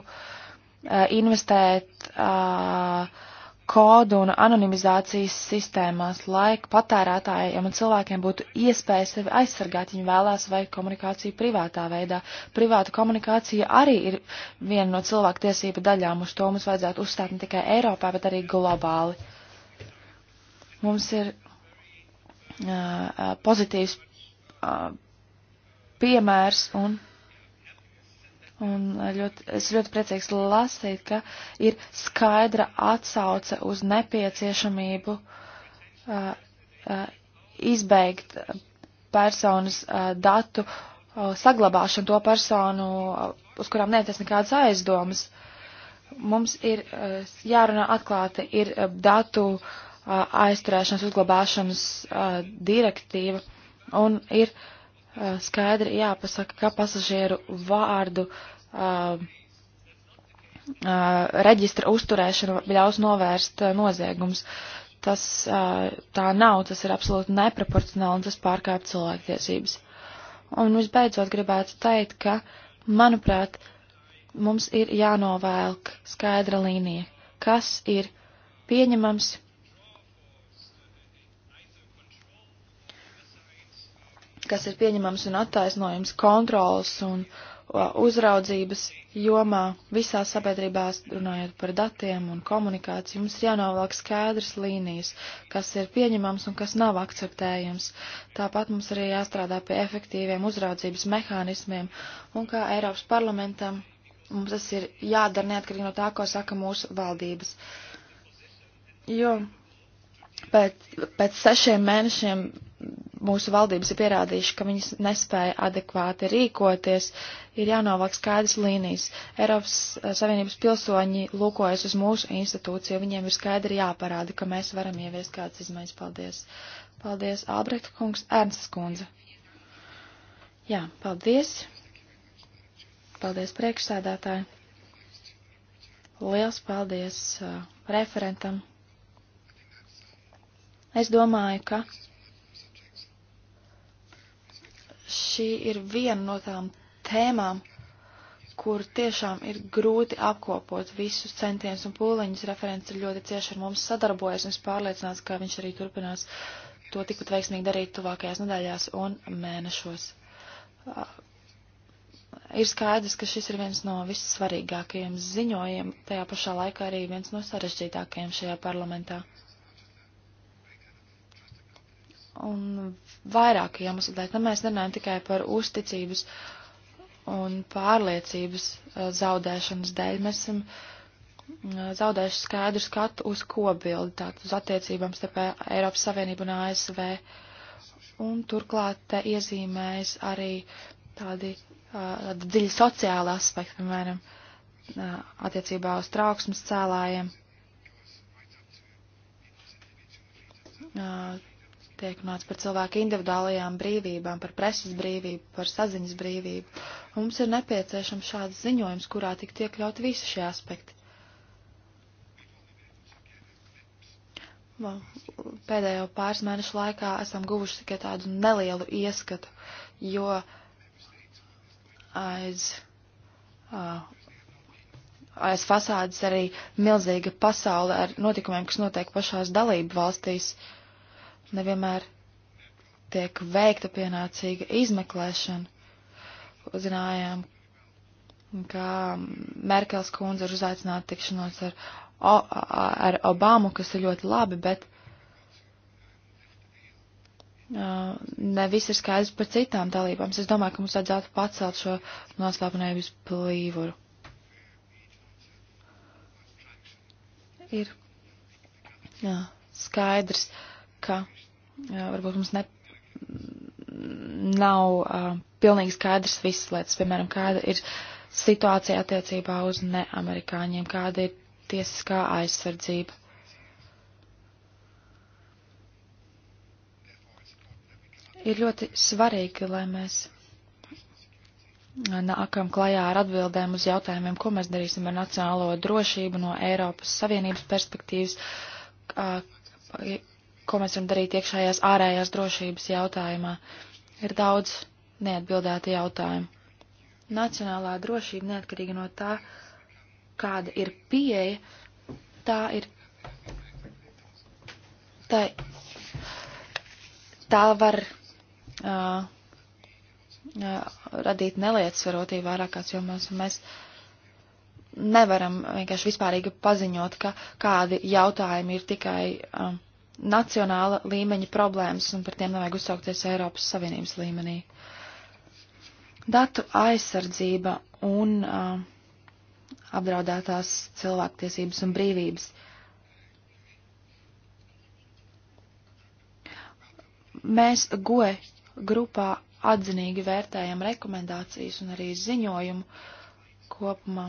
investēt uh, kodu un anonimizācijas sistēmās, lai patērētājiem un cilvēkiem būtu iespēja sevi aizsargāt, ja viņi vēlās vai komunikāciju privātā veidā. Privāta komunikācija arī ir viena no cilvēku tiesību daļām, uz to mums vajadzētu uzstāt ne tikai Eiropā, bet arī globāli. Mums ir uh, pozitīvs uh, piemērs un Un ļoti, es ļoti priecīgs lasīt, ka ir skaidra atsauce uz nepieciešamību uh, uh, izbeigt personas uh, datu uh, saglabāšanu to personu, uh, uz kurām neties nekādas aizdomas. Mums ir uh, jārunā atklāti, ir uh, datu uh, aizturēšanas uzglabāšanas uh, direktīva un ir. Uh, Eh, skaidri jāpasaka, ka pasažieru vārdu uh, uh, reģistra uzturēšana ļaus novērst uh, noziegums. Tas tā nav, tas ir absolūti neproporcionāli un tas pārkāp cilvēktiesības. Un visbeidzot gribētu teikt, ka, manuprāt, mums ir jānovēlk skaidra līnija, kas ir pieņemams kas ir pieņemams un attaisnojams kontrols un uzraudzības jomā visā sabiedrībās, runājot par datiem un komunikāciju, mums ir jānovelk skaidrs līnijas, kas ir pieņemams un kas nav akceptējams. Tāpat mums arī jāstrādā pie efektīviem uzraudzības mehānismiem, un kā Eiropas parlamentam mums tas ir jādara neatkarīgi no tā, ko saka mūsu valdības. Jo pēc, pēc sešiem mēnešiem mūsu valdības ir pierādījuši, ka viņas nespēja adekvāti rīkoties, ir jānovāk skaidrs līnijas. Eiropas eh, Savienības pilsoņi lūkojas uz mūsu institūciju, viņiem ir skaidri jāparāda, ka mēs varam ieviest kādas izmaiņas. Paldies! Paldies, Albrekta kungs, Ernsts kundze! Jā, paldies! Paldies priekšsēdētāji! Liels paldies uh, referentam! Es domāju, ka šī ir viena no tām tēmām, kur tiešām ir grūti apkopot visus centienus un pūliņus. Referents ir ļoti cieši ar mums sadarbojas un es pārliecināts, ka viņš arī turpinās to tikpat veiksmīgi darīt tuvākajās nedēļās un mēnešos. Uh, ir skaidrs, ka šis ir viens no vissvarīgākajiem ziņojiem, tajā pašā laikā arī viens no sarežģītākajiem šajā parlamentā un vairāk iemeslu dēļ. Tad nu, mēs runājam tikai par uzticības un pārliecības eh, zaudēšanas dēļ. Mēs esam eh, zaudējuši skaidru skatu uz kobildi, tātad uz attiecībām starp Eiropas Savienību un ASV. Un turklāt te iezīmējas arī tādi, eh, tādi dziļi sociāli aspekti, piemēram, attiecībā uz trauksmes cēlājiem. Tiek runāts par cilvēku individuālajām brīvībām, par preses brīvību, par saziņas brīvību. Un mums ir nepieciešams šāds ziņojums, kurā tik tiek ļaut visi šie aspekti. Pēdējo pāris mēnešu laikā esam guvuši tikai tādu nelielu ieskatu, jo aiz, aiz fasādes arī milzīga pasaule ar notikumiem, kas notiek pašās dalību valstīs. Uh, nevienmēr tiek veikta pienācīga izmeklēšana. Uzzinājām, ka Merkels kundze ir uzaicināta tikšanos ar, o, ar Obamu, kas ir ļoti labi, bet uh, ne viss ir skaidrs par citām dalībām. Es domāju, ka mums vajadzētu pacelt šo noslēpnējumus plīvuru. Ir jā, skaidrs, ka varbūt mums ne, nav uh, pilnīgi skaidrs visas lietas, piemēram, kāda ir situācija attiecībā uz neamerikāņiem, kāda ir tiesiskā aizsardzība. Ir ļoti svarīgi, lai mēs nākam klajā ar atbildēm uz jautājumiem, ko mēs darīsim ar nacionālo drošību no Eiropas Savienības perspektīvas, ko mēs varam darīt iekšējās ārējās drošības jautājumā. Ir daudz neatbildēti jautājumi. Nacionālā drošība, neatkarīgi no tā, kāda ir pieeja, tā ir. Tā, tā var uh, uh, radīt nelietsvarotību vairākās jomās, un mēs nevaram vienkārši vispārīgi paziņot, ka kādi jautājumi ir tikai. Um, nacionāla līmeņa problēmas, un par tiem nevajag uzsaukties Eiropas Savienības līmenī. Datu aizsardzība un uh, apdraudētās cilvēktiesības un brīvības. Mēs GOE grupā atzinīgi vērtējam rekomendācijas un arī ziņojumu kopumā.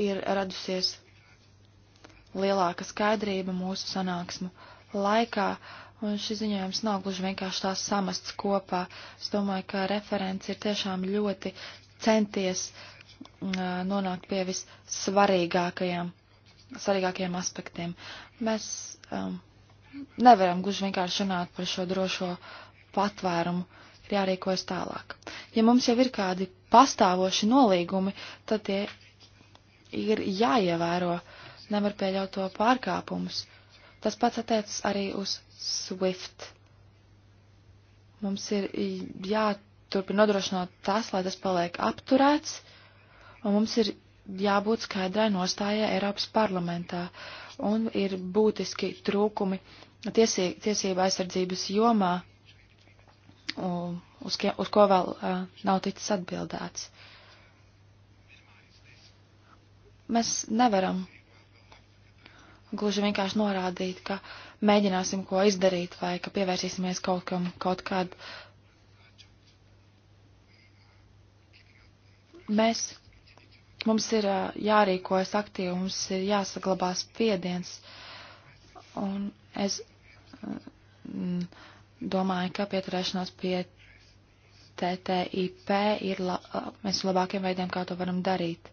Ir radusies lielāka skaidrība mūsu sanāksmu laikā, un šis ziņojums nav gluži vienkārši tās samasts kopā. Es domāju, ka referents ir tiešām ļoti centies uh, nonākt pie vissvarīgākajiem svarīgākajiem aspektiem. Mēs um, nevaram gluži vienkārši runāt par šo drošo patvērumu, ir jārīkojas tālāk. Ja mums jau ir kādi pastāvoši nolīgumi, tad tie ir jāievēro. Uh, nevar pieļaut to pārkāpumus. Tas pats attiecas arī uz SWIFT. Mums ir jāturpina nodrošināt tas, lai tas paliek apturēts, un mums ir jābūt skaidrai nostājai Eiropas parlamentā, un ir būtiski trūkumi tiesī, tiesība aizsardzības jomā, un, uz, kie, uz ko vēl uh, nav ticis atbildēts. Mēs nevaram gluži vienkārši norādīt, ka mēģināsim ko izdarīt vai ka pievērsīsimies kaut kam, kaut kād. Mēs, mums ir jārīkojas aktīvi, mums ir jāsaglabā spiediens, un es domāju, ka pieturēšanās pie TTIP ir la, mēs labākiem veidiem, kā to varam darīt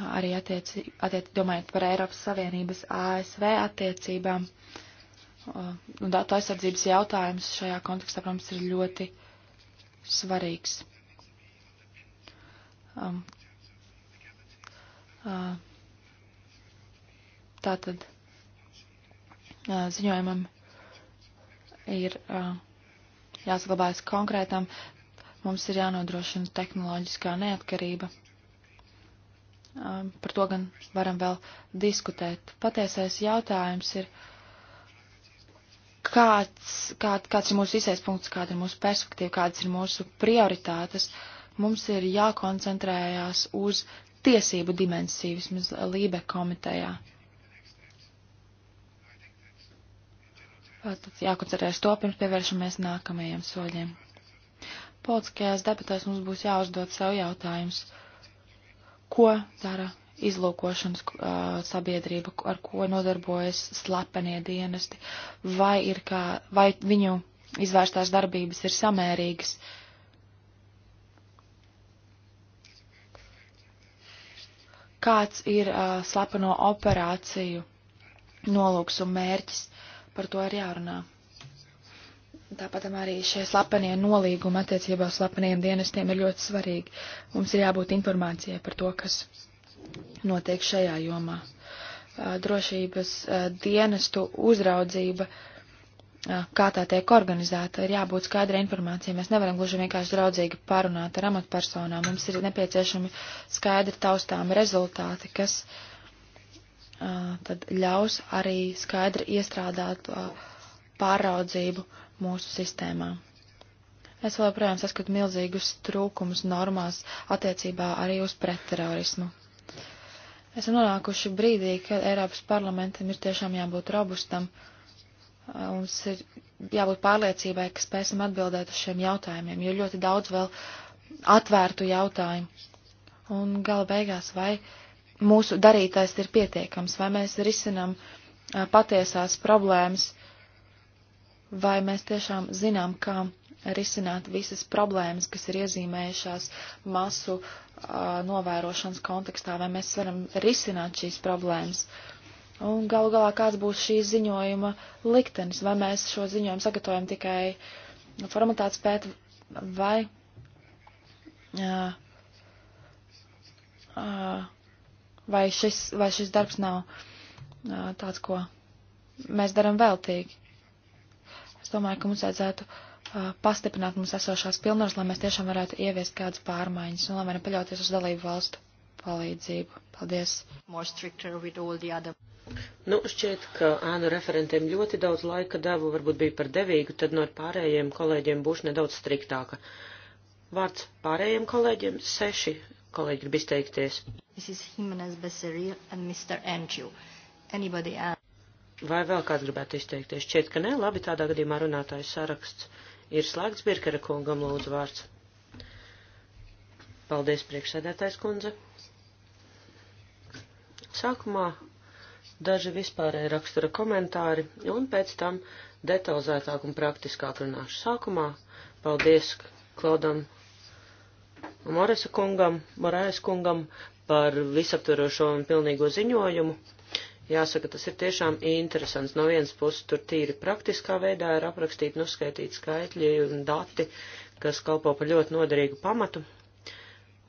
arī attieci, attiec, domājot par Eiropas Savienības ASV attiecībām. Uh, un datu aizsardzības jautājums šajā kontekstā, protams, ir ļoti svarīgs. Um, uh, tātad uh, ziņojumam ir uh, jāsaglabājas konkrētam, mums ir jānodrošina tehnoloģiskā neatkarība. Um, par to gan varam vēl diskutēt. Patiesais jautājums ir, kāds, kā, kāds ir mūsu izējas punkts, kāda ir mūsu perspektīva, kādas ir mūsu prioritātes. Mums ir jākoncentrējās uz tiesību dimensiju, vismaz Lībe komitejā. Tad jākoncentrējas to, pirms pievēršamies nākamajiem soļiem. Politiskajās debatēs mums būs jāuzdod sev jautājums. Uh, ko dara izlūkošanas uh, sabiedrība, ar ko nodarbojas slepenie dienesti, vai, ir kā, vai viņu izvērstās darbības ir samērīgas. Kāds ir uh, slepeno operāciju nolūks un mērķis, par to ir jārunā. Tāpat arī šie slepenie nolīgumi attiecībā uz slepeniem dienestiem ir ļoti svarīgi. Mums ir jābūt informācijai par to, kas notiek šajā jomā. Drošības dienestu uzraudzība, kā tā tiek organizēta, ir jābūt skaidra informācija. Mēs nevaram gluži vienkārši draudzīgi parunāt ar amatpersonām. Mums ir nepieciešami skaidri taustāmi rezultāti, kas tad ļaus arī skaidri iestrādāt pāraudzību mūsu sistēmā. Es vēl joprojām saskatu milzīgus trūkumus normās attiecībā arī uz pretterorismu. Esam nonākuši brīdī, kad Eiropas parlamentam ir tiešām jābūt robustam. Uh, mums ir jābūt pārliecībai, ka spēsim atbildēt uz šiem jautājumiem, jo ļoti daudz vēl atvērtu jautājumu. Un gala beigās, vai mūsu darītais ir pietiekams, vai mēs risinam uh, patiesās problēmas, vai mēs tiešām zinām, kā risināt visas problēmas, kas ir iezīmējušās masu uh, novērošanas kontekstā, vai mēs varam risināt šīs problēmas. Un galu galā kāds būs šī ziņojuma liktenis, vai mēs šo ziņojumu sagatavojam tikai formatāts pēt, vai uh, uh, vai, šis, vai šis darbs nav uh, tāds, ko mēs darām veltīgi domāju, ka mums vajadzētu uh, pastiprināt mums esošās pilnvaras, lai mēs tiešām varētu ieviest kādas pārmaiņas un lai varam paļauties uz dalību valstu palīdzību. Paldies! Nu, šķiet, ka ēnu referentiem ļoti daudz laika devu, varbūt bija par devīgu, tad no pārējiem kolēģiem būšu nedaudz striktāka. Vārds pārējiem kolēģiem - seši kolēģi grib izteikties. Mrs. Jimenez Becerril and Mr. Andrew. Anybody else? Vai vēl kāds gribētu izteikties? Šķiet, ka nē, labi, tādā gadījumā runātājs saraksts ir slēgts. Birkera kungam lūdzu vārds. Paldies, priekšsēdētājs kundze. Sākumā daži vispārēja rakstura komentāri, un pēc tam detalizētāk un praktiskāk runāšu. Sākumā paldies Klaudam Moresa kungam, Morais kungam par visaptverošo un pilnīgo ziņojumu. Jāsaka, tas ir tiešām interesants. No vienas puses tur tīri praktiskā veidā ir aprakstīti un uzskaitīti skaitļi un dati, kas kalpo par ļoti noderīgu pamatu.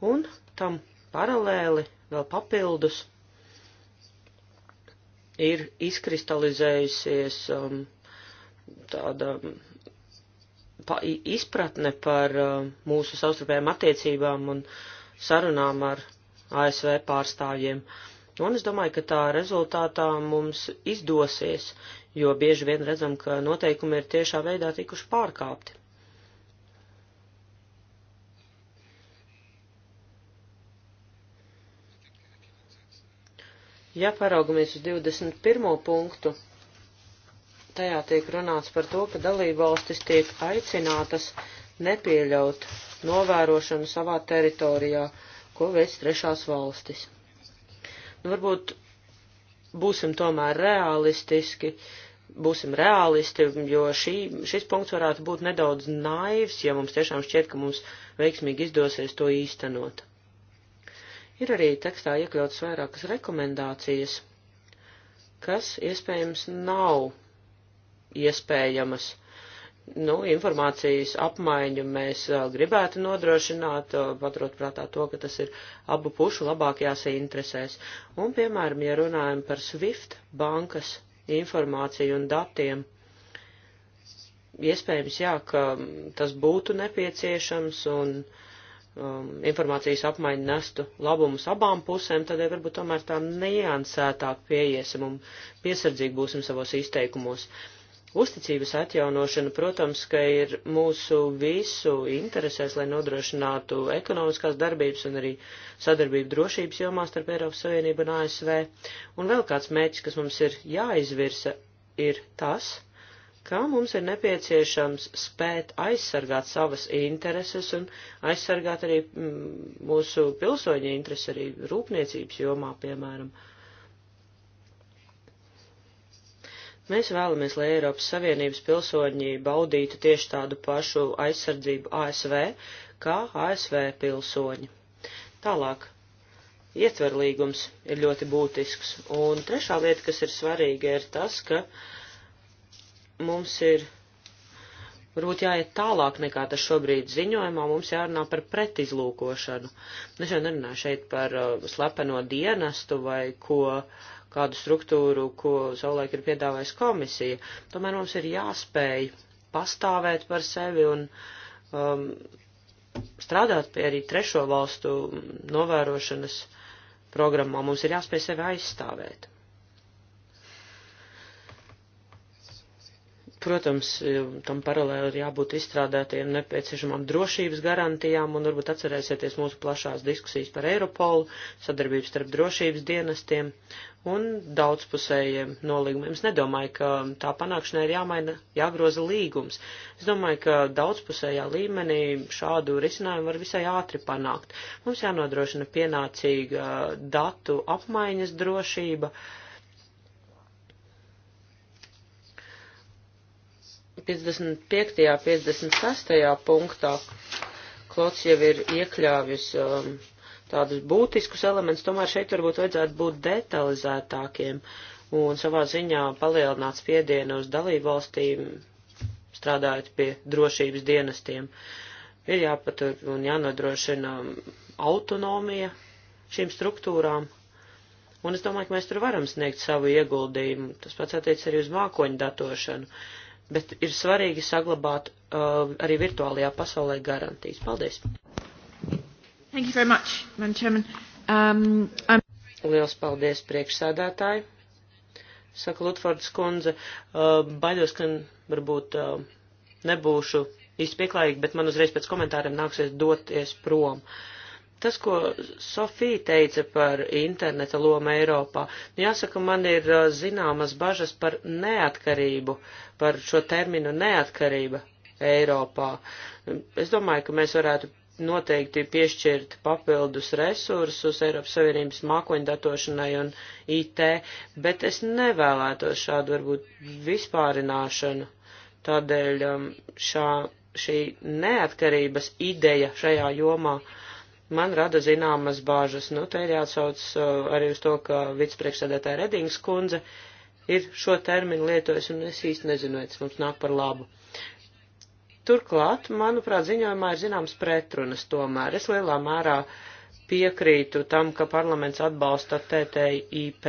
Un tam paralēli vēl papildus ir izkristalizējusies um, tāda um, pa, izpratne par uh, mūsu savstarpējām attiecībām un sarunām ar ASV pārstāvjiem. Uh, Un es domāju, ka tā rezultātā mums izdosies, jo bieži vien redzam, ka noteikumi ir tiešā veidā tikuši pārkāpti. Ja paraugamies uz 21. punktu, tajā tiek runāts par to, ka dalībvalstis tiek aicinātas nepieļaut novērošanu savā teritorijā, ko veids trešās valstis. Varbūt būsim tomēr realistiski, būsim realisti, jo šī, šis punkts varētu būt nedaudz naivs, ja mums tiešām šķiet, ka mums veiksmīgi izdosies to īstenot. Ir arī tekstā iekļautas vairākas rekomendācijas, kas iespējams nav iespējamas nu, informācijas apmaiņu mēs uh, gribētu nodrošināt, uh, paturot prātā to, ka tas ir abu pušu labākajās interesēs. Un, piemēram, ja runājam par SWIFT bankas informāciju un datiem, iespējams, jā, ka um, tas būtu nepieciešams un um, informācijas apmaiņa nestu labumus abām pusēm, tad ja varbūt tomēr tā neansētāk pieiesim un piesardzīgi būsim savos izteikumos. Uh, Uzticības atjaunošana, protams, ka ir mūsu visu interesēs, lai nodrošinātu ekonomiskās darbības un arī sadarbību drošības jomā starp Eiropas Savienību un ASV. Un vēl kāds mērķis, kas mums ir jāizvirsa, ir tas, ka mums ir nepieciešams spēt aizsargāt savas intereses un aizsargāt arī mm, mūsu pilsoņa intereses arī rūpniecības jomā, piemēram. Uh, Mēs vēlamies, lai Eiropas Savienības pilsoņi baudītu tieši tādu pašu aizsardzību ASV, kā ASV pilsoņi. Tālāk, ietverlīgums ir ļoti būtisks. Un trešā lieta, kas ir svarīga, ir tas, ka mums ir varbūt jāiet tālāk nekā tas šobrīd ziņojumā, mums jārunā par pretizlūkošanu. Es jau nerunāju šeit par uh, slepeno dienestu vai ko, kādu struktūru, ko savulaik ir piedāvājis komisija. Tomēr mums ir jāspēj pastāvēt par sevi un um, strādāt pie arī trešo valstu novērošanas programmā. Mums ir jāspēj sevi aizstāvēt. Protams, e, tam paralēli ir jābūt izstrādātiem nepieciešamām drošības garantijām, un varbūt atcerēsieties mūsu plašās diskusijas par Eiropolu, sadarbības starp drošības dienestiem un daudzpusējiem nolīgumiem. Es nedomāju, ka tā panākšanai ir jāmaina, jāgroza līgums. Es domāju, ka daudzpusējā līmenī šādu risinājumu var visai ātri panākt. Mums jānodrošina pienācīga datu apmaiņas drošība. Uh, 55. 56. punktā Klots jau ir iekļāvis um, tādus būtiskus elementus, tomēr šeit varbūt vajadzētu būt detalizētākiem un savā ziņā palielināt spiedienu uz dalībvalstīm, strādājot pie drošības dienestiem. Ir jāpatur un jānodrošina autonomija šīm struktūrām, un es domāju, ka mēs tur varam sniegt savu ieguldījumu. Tas pats attiec arī uz mākoņu datošanu bet ir svarīgi saglabāt uh, arī virtuālajā pasaulē garantijas. Paldies! Thank you very much, Madam Chairman. Um, I'm... Liels paldies priekšsādātāji. Saka Lutfords kundze, uh, baidos, ka varbūt uh, nebūšu īsti pieklājīgi, bet man uzreiz pēc komentāriem nāksies doties prom. Uh, tas, ko Sofija teica par interneta lomu Eiropā, nu, jāsaka, man ir zināmas bažas par neatkarību, par šo terminu neatkarība Eiropā. Es domāju, ka mēs varētu noteikti piešķirt papildus resursus Eiropas Savienības mākoņdatošanai un IT, bet es nevēlētos šādu varbūt vispārināšanu. Tādēļ šā, šī neatkarības ideja šajā jomā uh, man rada zināmas bāžas. Nu, te ir jāatsauc uh, arī uz to, ka vicepriekšsēdētāja Redings kundze ir šo terminu lietojusi, un es īsti nezinu, vai tas mums nāk par labu. Turklāt, manuprāt, ziņojumā ir zināms pretrunas tomēr. Es lielā mērā piekrītu tam, ka parlaments atbalsta TTIP,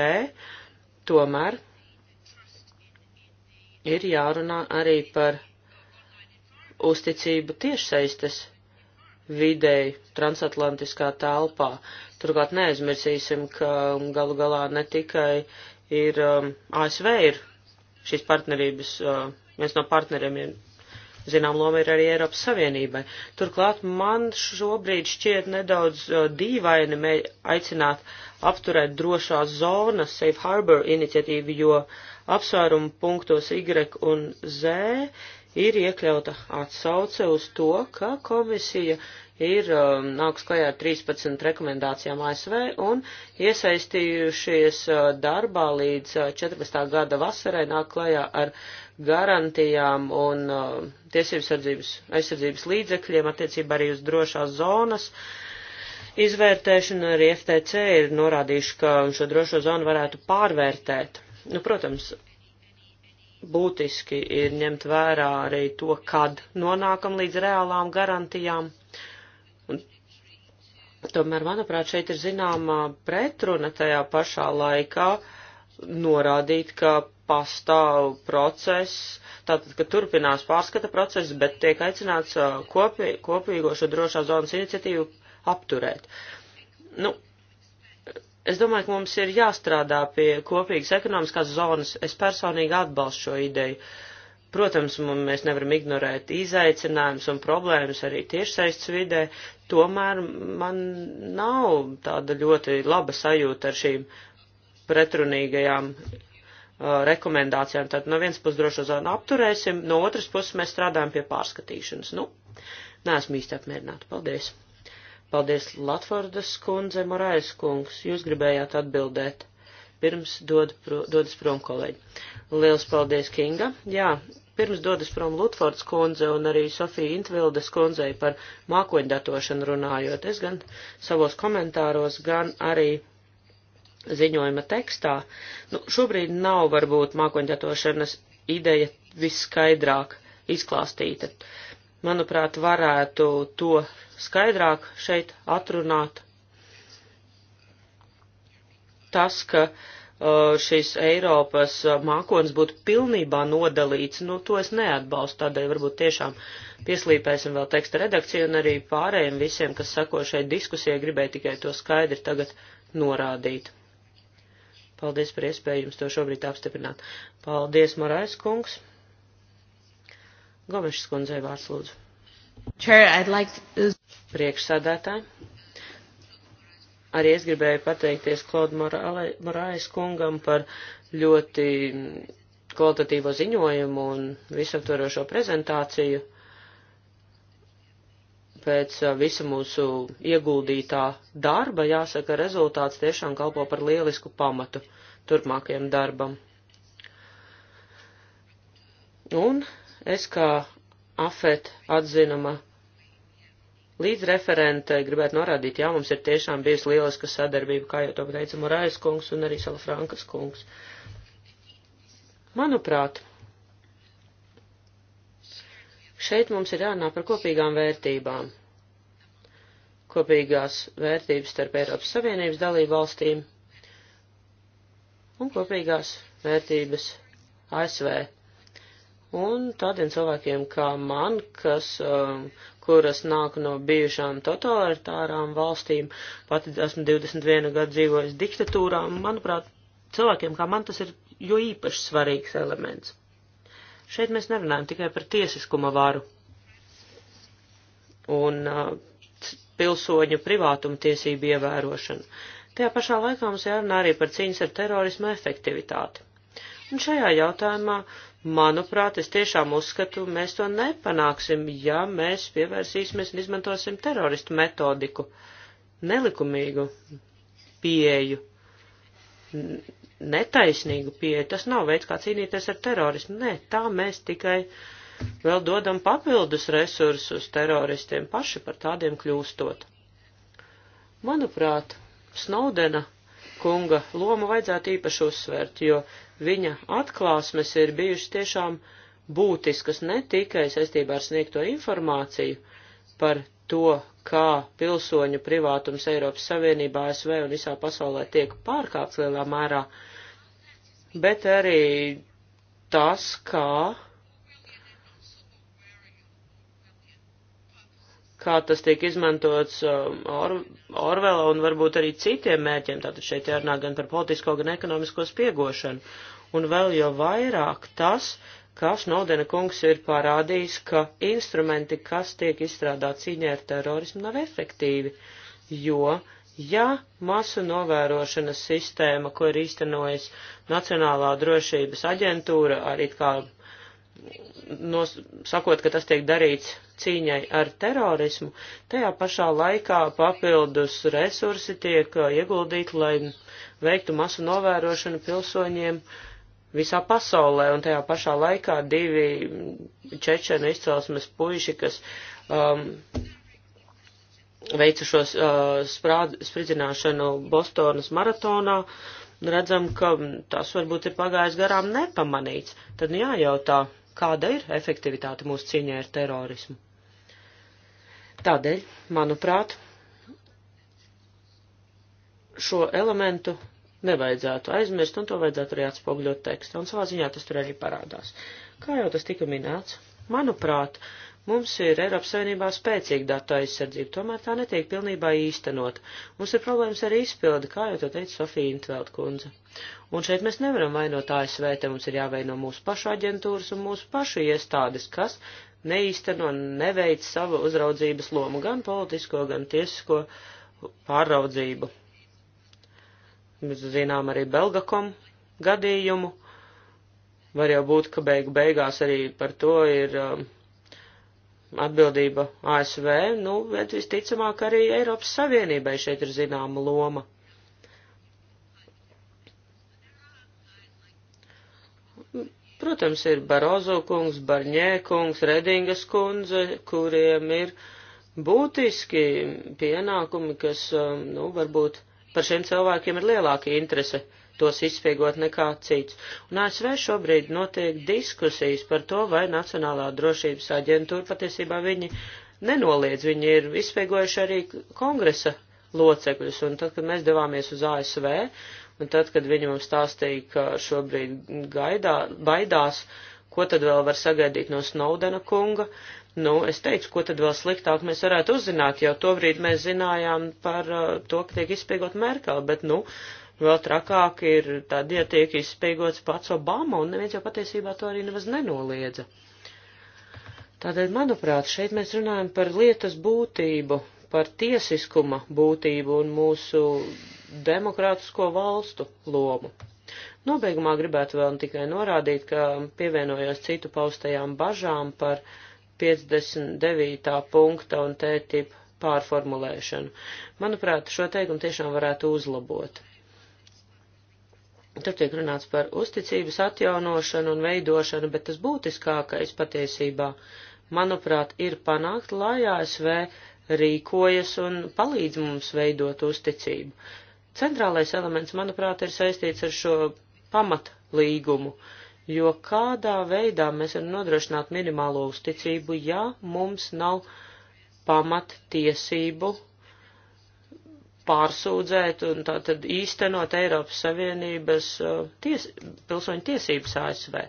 tomēr ir jārunā arī par uzticību tiešsaistes videi transatlantiskā telpā. Turklāt neaizmirsīsim, ka galu galā ne tikai ir um, ASV ir šīs partnerības, uh, viens no partneriem ir, zinām, loma ir arī Eiropas Savienībai. Turklāt man šobrīd šķiet nedaudz uh, dīvaini mē, aicināt apturēt drošās zonas Safe Harbor iniciatīvu, jo apsvērumu punktos Y un Z ir iekļauta atsauce uz to, ka komisija ir um, nāks klajā ar 13 rekomendācijām ASV un iesaistījušies uh, darbā līdz uh, 14. gada vasarai nāk klajā ar garantijām un uh, um, tiesības sardzības, aizsardzības līdzekļiem attiecībā arī uz drošās zonas. Izvērtēšana arī FTC ir norādījuši, ka šo drošo zonu varētu pārvērtēt. Nu, protams, būtiski ir ņemt vērā arī to, kad nonākam līdz reālām garantijām. Un tomēr, manuprāt, šeit ir zināmā pretruna tajā pašā laikā norādīt, ka pastāv process, tātad, ka turpinās pārskata process, bet tiek aicināts kopī, kopīgo šo drošā zonas iniciatīvu apturēt. Nu, Es domāju, ka mums ir jāstrādā pie kopīgas ekonomiskās zonas. Es personīgi atbalstu šo ideju. Protams, mēs nevaram ignorēt izaicinājumus un problēmas arī tiešsaistes vidē, tomēr man nav tāda ļoti laba sajūta ar šīm pretrunīgajām uh, rekomendācijām. Tad no vienas puses drošo zonu apturēsim, no otras puses mēs strādājam pie pārskatīšanas. Nu, neesmu īsti apmierināta. Paldies! Paldies, Latvordas kundze, Morais kungs, jūs gribējāt atbildēt. Pirms dod, pro, dodas prom kolēģi. Liels paldies, Kinga. Jā, pirms dodas prom Lutfords kundze un arī Sofija Intvildes kundzei par mākoņdatošanu runājot. Es gan savos komentāros, gan arī ziņojuma tekstā. Nu, šobrīd nav varbūt mākoņdatošanas ideja viskaidrāk izklāstīta. Uh, manuprāt, varētu to skaidrāk šeit atrunāt. Tas, ka uh, šis Eiropas uh, mākonis būtu pilnībā nodalīts, nu, to es neatbalstu, tādēļ varbūt tiešām pieslīpēsim vēl teksta redakciju un arī pārējiem visiem, kas sako šai diskusijai, gribēju tikai to skaidri tagad norādīt. Paldies par iespēju jums to šobrīd apstiprināt. Paldies, Marais kungs! Gomešas kundzei vārds lūdzu. Chair, I'd like to... Priekšsādātāji. Arī es gribēju pateikties Klaudu Morājas kungam par ļoti kvalitatīvo ziņojumu un visaptvarošo prezentāciju. Pēc uh, visa mūsu ieguldītā darba, jāsaka, rezultāts tiešām kalpo par lielisku pamatu turpmākajam darbam. Un Es kā afet atzinuma līdz referente gribētu norādīt, jā, mums ir tiešām bijusi lieliska sadarbība, kā jau to teica Morais kungs un arī Salafrankas kungs. Manuprāt, šeit mums ir jārunā par kopīgām vērtībām. Kopīgās vērtības starp Eiropas Savienības dalību valstīm un kopīgās vērtības ASV Un tādiem cilvēkiem kā man, kas, um, kuras nāk no bijušām totalitārām valstīm, pati esmu 21 gadu dzīvojis diktatūrā, manuprāt, cilvēkiem kā man tas ir jo īpaši svarīgs elements. Šeit mēs nerunājam tikai par tiesiskuma varu un uh, pilsoņu privātuma tiesību ievērošanu. Tajā pašā laikā mums jārunā arī par cīņas ar terorismu efektivitāti. Un šajā jautājumā Manuprāt, es tiešām uzskatu, mēs to nepanāksim, ja mēs pievērsīsimies un izmantosim teroristu metodiku, nelikumīgu pieeju, netaisnīgu pieeju. Tas nav veids, kā cīnīties ar terorismu. Nē, tā mēs tikai vēl dodam papildus resursus teroristiem paši par tādiem kļūstot. Manuprāt, Snowdena kunga lomu vajadzētu īpaši uzsvērt, jo viņa atklāsmes ir bijušas tiešām būtiskas ne tikai saistībā ar sniegto informāciju par to, kā pilsoņu privātums Eiropas Savienībā, ASV un visā pasaulē tiek pārkāpts lielā mērā, bet arī tas, kā kā tas tiek izmantots um, Or Orvela un varbūt arī citiem mērķiem. Tātad šeit jārunā gan par politisko, gan ekonomisko spiegošanu. Un vēl jau vairāk tas, kā Snowdena kungs ir parādījis, ka instrumenti, kas tiek izstrādāti cīņā ar terorismu, nav efektīvi, jo Ja masu novērošanas sistēma, ko ir īstenojis Nacionālā drošības aģentūra, arī kā nos, sakot, ka tas tiek darīts cīņai ar terorismu, tajā pašā laikā papildus resursi tiek uh, ieguldīti, lai veiktu masu novērošanu pilsoņiem visā pasaulē, un tajā pašā laikā divi čečena izcelsmes puiši, kas um, veica šo uh, spridzināšanu Bostonas maratonā, redzam, ka tas varbūt ir pagājis garām nepamanīts. Tad nu jājautā. Jā, kāda ir efektivitāte mūsu cīņā ar terorismu. Tādēļ, manuprāt, šo elementu nevajadzētu aizmirst, un to vajadzētu arī atspogļot tekstā, un savā ziņā tas tur arī parādās. Kā jau tas tika minēts, manuprāt, uh, Mums ir Eiropas Savienībā spēcīga datu aizsardzība, tomēr tā netiek pilnībā īstenot. Mums ir problēmas ar izpildi, kā jau to teica Sofija Intveld kundze. Un šeit mēs nevaram vainot ASV, te mums ir jāveino mūsu pašu aģentūras un mūsu pašu iestādes, kas neīsteno un neveic savu uzraudzības lomu, gan politisko, gan tiesisko pāraudzību. Mēs zinām arī Belgakom gadījumu. Var jau būt, ka beigu beigās arī par to ir. Um, atbildība ASV, nu, bet visticamāk arī Eiropas Savienībai šeit ir zināma loma. Protams, ir Barozo kungs, Barņē kungs, Redingas kundze, kuriem ir būtiski pienākumi, kas, um, nu, varbūt par šiem cilvēkiem ir lielāka interese tos izspiegot nekā cits. Un ASV šobrīd notiek diskusijas par to, vai Nacionālā drošības aģentūra patiesībā viņi nenoliedz, viņi ir izspiegojuši arī kongresa locekļus. Un tad, kad mēs devāmies uz ASV, un tad, kad viņi mums stāstīja, ka šobrīd gaidā, baidās, ko tad vēl var sagaidīt no Snowdena kunga, Nu, es teicu, ko tad vēl sliktāk mēs varētu uzzināt, jau to brīdi mēs zinājām par uh, to, ka tiek izspiegot Merkeli, bet, nu, uh, Vēl trakāk ir tad, ja tiek izspiegots pats Obama, un neviens jau patiesībā to arī nemaz nenoliedza. Tādēļ, manuprāt, šeit mēs runājam par lietas būtību, par tiesiskuma būtību un mūsu demokrātisko valstu lomu. Nobeigumā gribētu vēl tikai norādīt, ka pievienojos citu paustajām bažām par 59. punkta un tētip pārformulēšanu. Manuprāt, šo teikumu tiešām varētu uzlabot Tur tiek runāts par uzticības atjaunošanu un veidošanu, bet tas būtiskākais patiesībā, manuprāt, ir panākt, lai ASV rīkojas un palīdz mums veidot uzticību. Centrālais elements, manuprāt, ir saistīts ar šo pamatlīgumu, jo kādā veidā mēs varam nodrošināt minimālo uzticību, ja mums nav pamattiesību pārsūdzēt un tātad īstenot Eiropas Savienības uh, ties, pilsoņu tiesības ASV.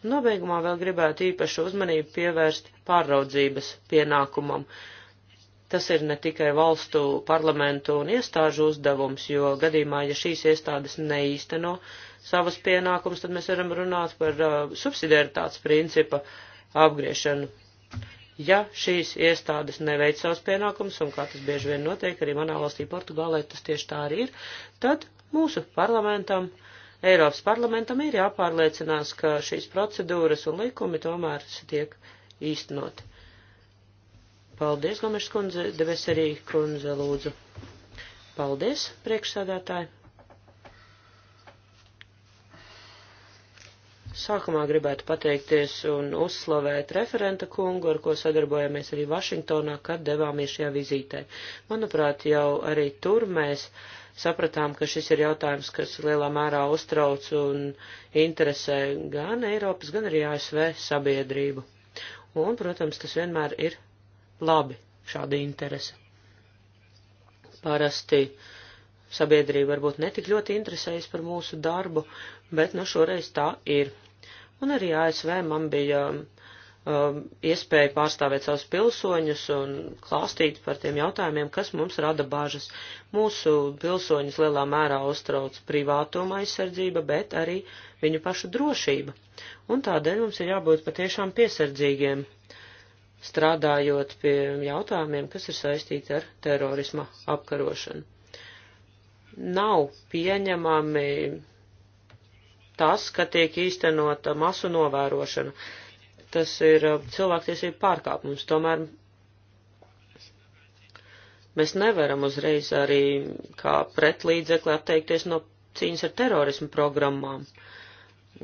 Un nobeigumā vēl gribētu īpašu uzmanību pievērst pārraudzības pienākumam. Tas ir ne tikai valstu, parlamentu un iestāžu uzdevums, jo gadījumā, ja šīs iestādes neīsteno savas pienākumus, tad mēs varam runāt par uh, subsidiaritātes principa apgriešanu ja šīs iestādes neveic savus pienākumus, un kā tas bieži vien notiek arī manā valstī Portugālē, tas tieši tā arī ir, tad mūsu parlamentam, Eiropas parlamentam ir jāpārliecinās, ka šīs procedūras un likumi tomēr tiek īstenoti. Paldies, Gomešs kundze, debes arī kundze lūdzu. Paldies, priekšsādātāji! Sākumā gribētu pateikties un uzslavēt referenta kungu, ar ko sadarbojamies arī Vašingtonā, kad devāmies šajā vizītē. Manuprāt, jau arī tur mēs sapratām, ka šis ir jautājums, kas lielā mērā uztrauc un interesē gan Eiropas, gan arī ASV sabiedrību. Un, protams, tas vienmēr ir labi, šāda interese. Parasti sabiedrība varbūt netik ļoti interesējas par mūsu darbu, bet nu šoreiz tā ir. Un arī ASV man bija um, iespēja pārstāvēt savus pilsoņus un klāstīt par tiem jautājumiem, kas mums rada bažas. Mūsu pilsoņus lielā mērā uztrauc privātuma aizsardzība, bet arī viņu pašu drošība. Un tādēļ mums ir jābūt patiešām piesardzīgiem, strādājot pie jautājumiem, kas ir saistīti ar terorisma apkarošanu. Nav pieņemami tas, ka tiek īstenota masu novērošana. Tas ir uh, cilvēktiesību pārkāpums. Tomēr mēs nevaram uzreiz arī kā pretlīdzekli atteikties no cīņas ar terorismu programmām.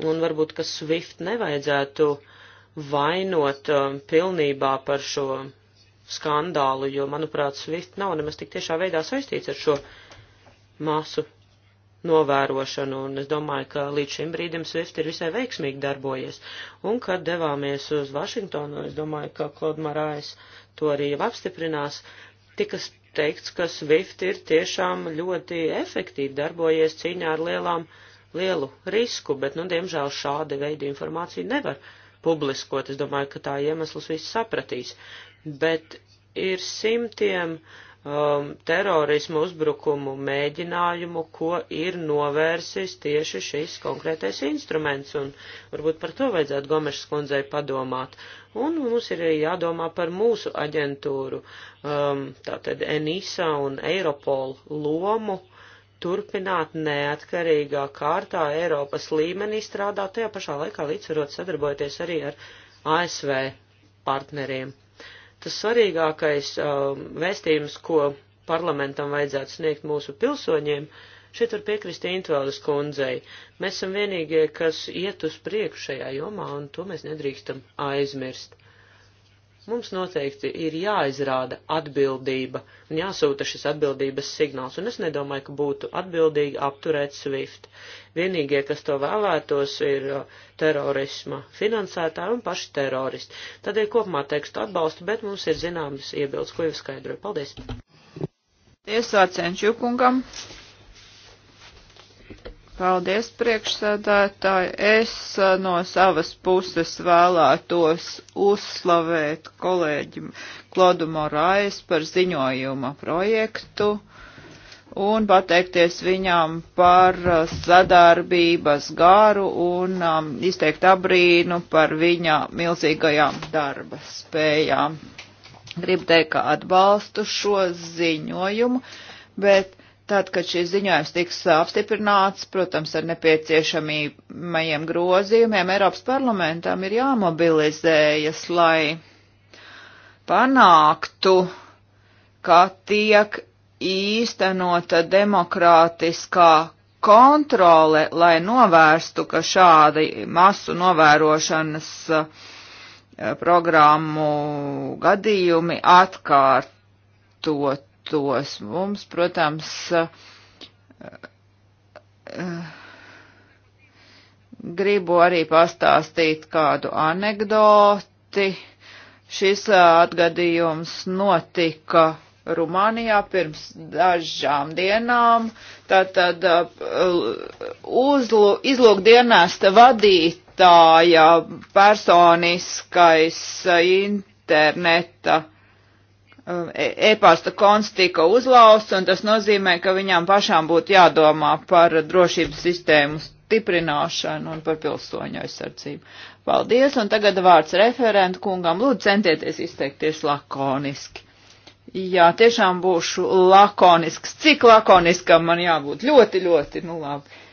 Un varbūt, ka SWIFT nevajadzētu vainot uh, pilnībā par šo skandālu, jo, manuprāt, SWIFT nav nemaz tik tiešā veidā saistīts ar šo masu novērošanu, un es domāju, ka līdz šim brīdim Swift ir visai veiksmīgi darbojies. Un, kad devāmies uz Vašingtonu, es domāju, ka Klod Marājs to arī jau apstiprinās, tika teikts, ka Swift ir tiešām ļoti efektīvi darbojies cīņā ar lielām, lielu risku, bet, nu, diemžēl šāda veida informāciju nevar publiskot. Es domāju, ka tā iemesls viss sapratīs. Bet ir simtiem uh, um, terorismu uzbrukumu mēģinājumu, ko ir novērsis tieši šis konkrētais instruments, un varbūt par to vajadzētu Gomešas kundzei padomāt. Un mums ir jādomā par mūsu aģentūru, um, tātad ENISA un Eiropol lomu turpināt neatkarīgā kārtā Eiropas līmenī strādāt, tajā pašā laikā līdzsvarot sadarbojoties arī ar ASV partneriem tas svarīgākais um, vēstījums, ko parlamentam vajadzētu sniegt mūsu pilsoņiem, šeit var piekrist Intvēles kundzei. Mēs esam vienīgie, kas iet uz priekšu šajā jomā, un to mēs nedrīkstam aizmirst. Mums noteikti ir jāizrāda atbildība un jāsūta šis atbildības signāls, un es nedomāju, ka būtu atbildīgi apturēt SWIFT. Vienīgie, kas to vēlētos, ir uh, terorisma finansētāji un paši teroristi. Tādēļ kopumā tekstu atbalstu, bet mums ir zināmas iebildes, ko jau skaidroju. Paldies! Tiesā Cenčukungam. Paldies, priekšsēdētāji. Es eh, no savas puses vēlētos uzslavēt kolēģi Klodu Morais par ziņojuma projektu un pateikties viņām par eh, sadarbības garu un um, izteikt abrīnu par viņa milzīgajām darba spējām. Gribu teikt, ka atbalstu šo ziņojumu, bet Tad, kad šis ziņojums tiks apstiprināts, protams, ar nepieciešamajiem grozījumiem, Eiropas parlamentam ir jāmobilizējas, lai panāktu, ka tiek īstenota demokrātiskā kontrole, lai novērstu, ka šādi masu novērošanas uh, programmu gadījumi atkārtot tos. Mums, protams, gribu arī pastāstīt kādu anekdoti. Šis atgadījums notika Rumānijā pirms dažām dienām. Tātad uzlu, izlūkdienesta vadītāja personiskais interneta Um, e- e-pasta konts tika uzlausts, un tas nozīmē, ka viņām pašām būtu jādomā par drošības sistēmu stiprināšanu un par pilsoņu aizsardzību. Paldies, un tagad vārds referentu kungam. Lūdzu, centieties izteikties lakoniski. Jā, tiešām būšu lakonisks. Cik lakoniskam man jābūt? Ļoti, ļoti, nu labi.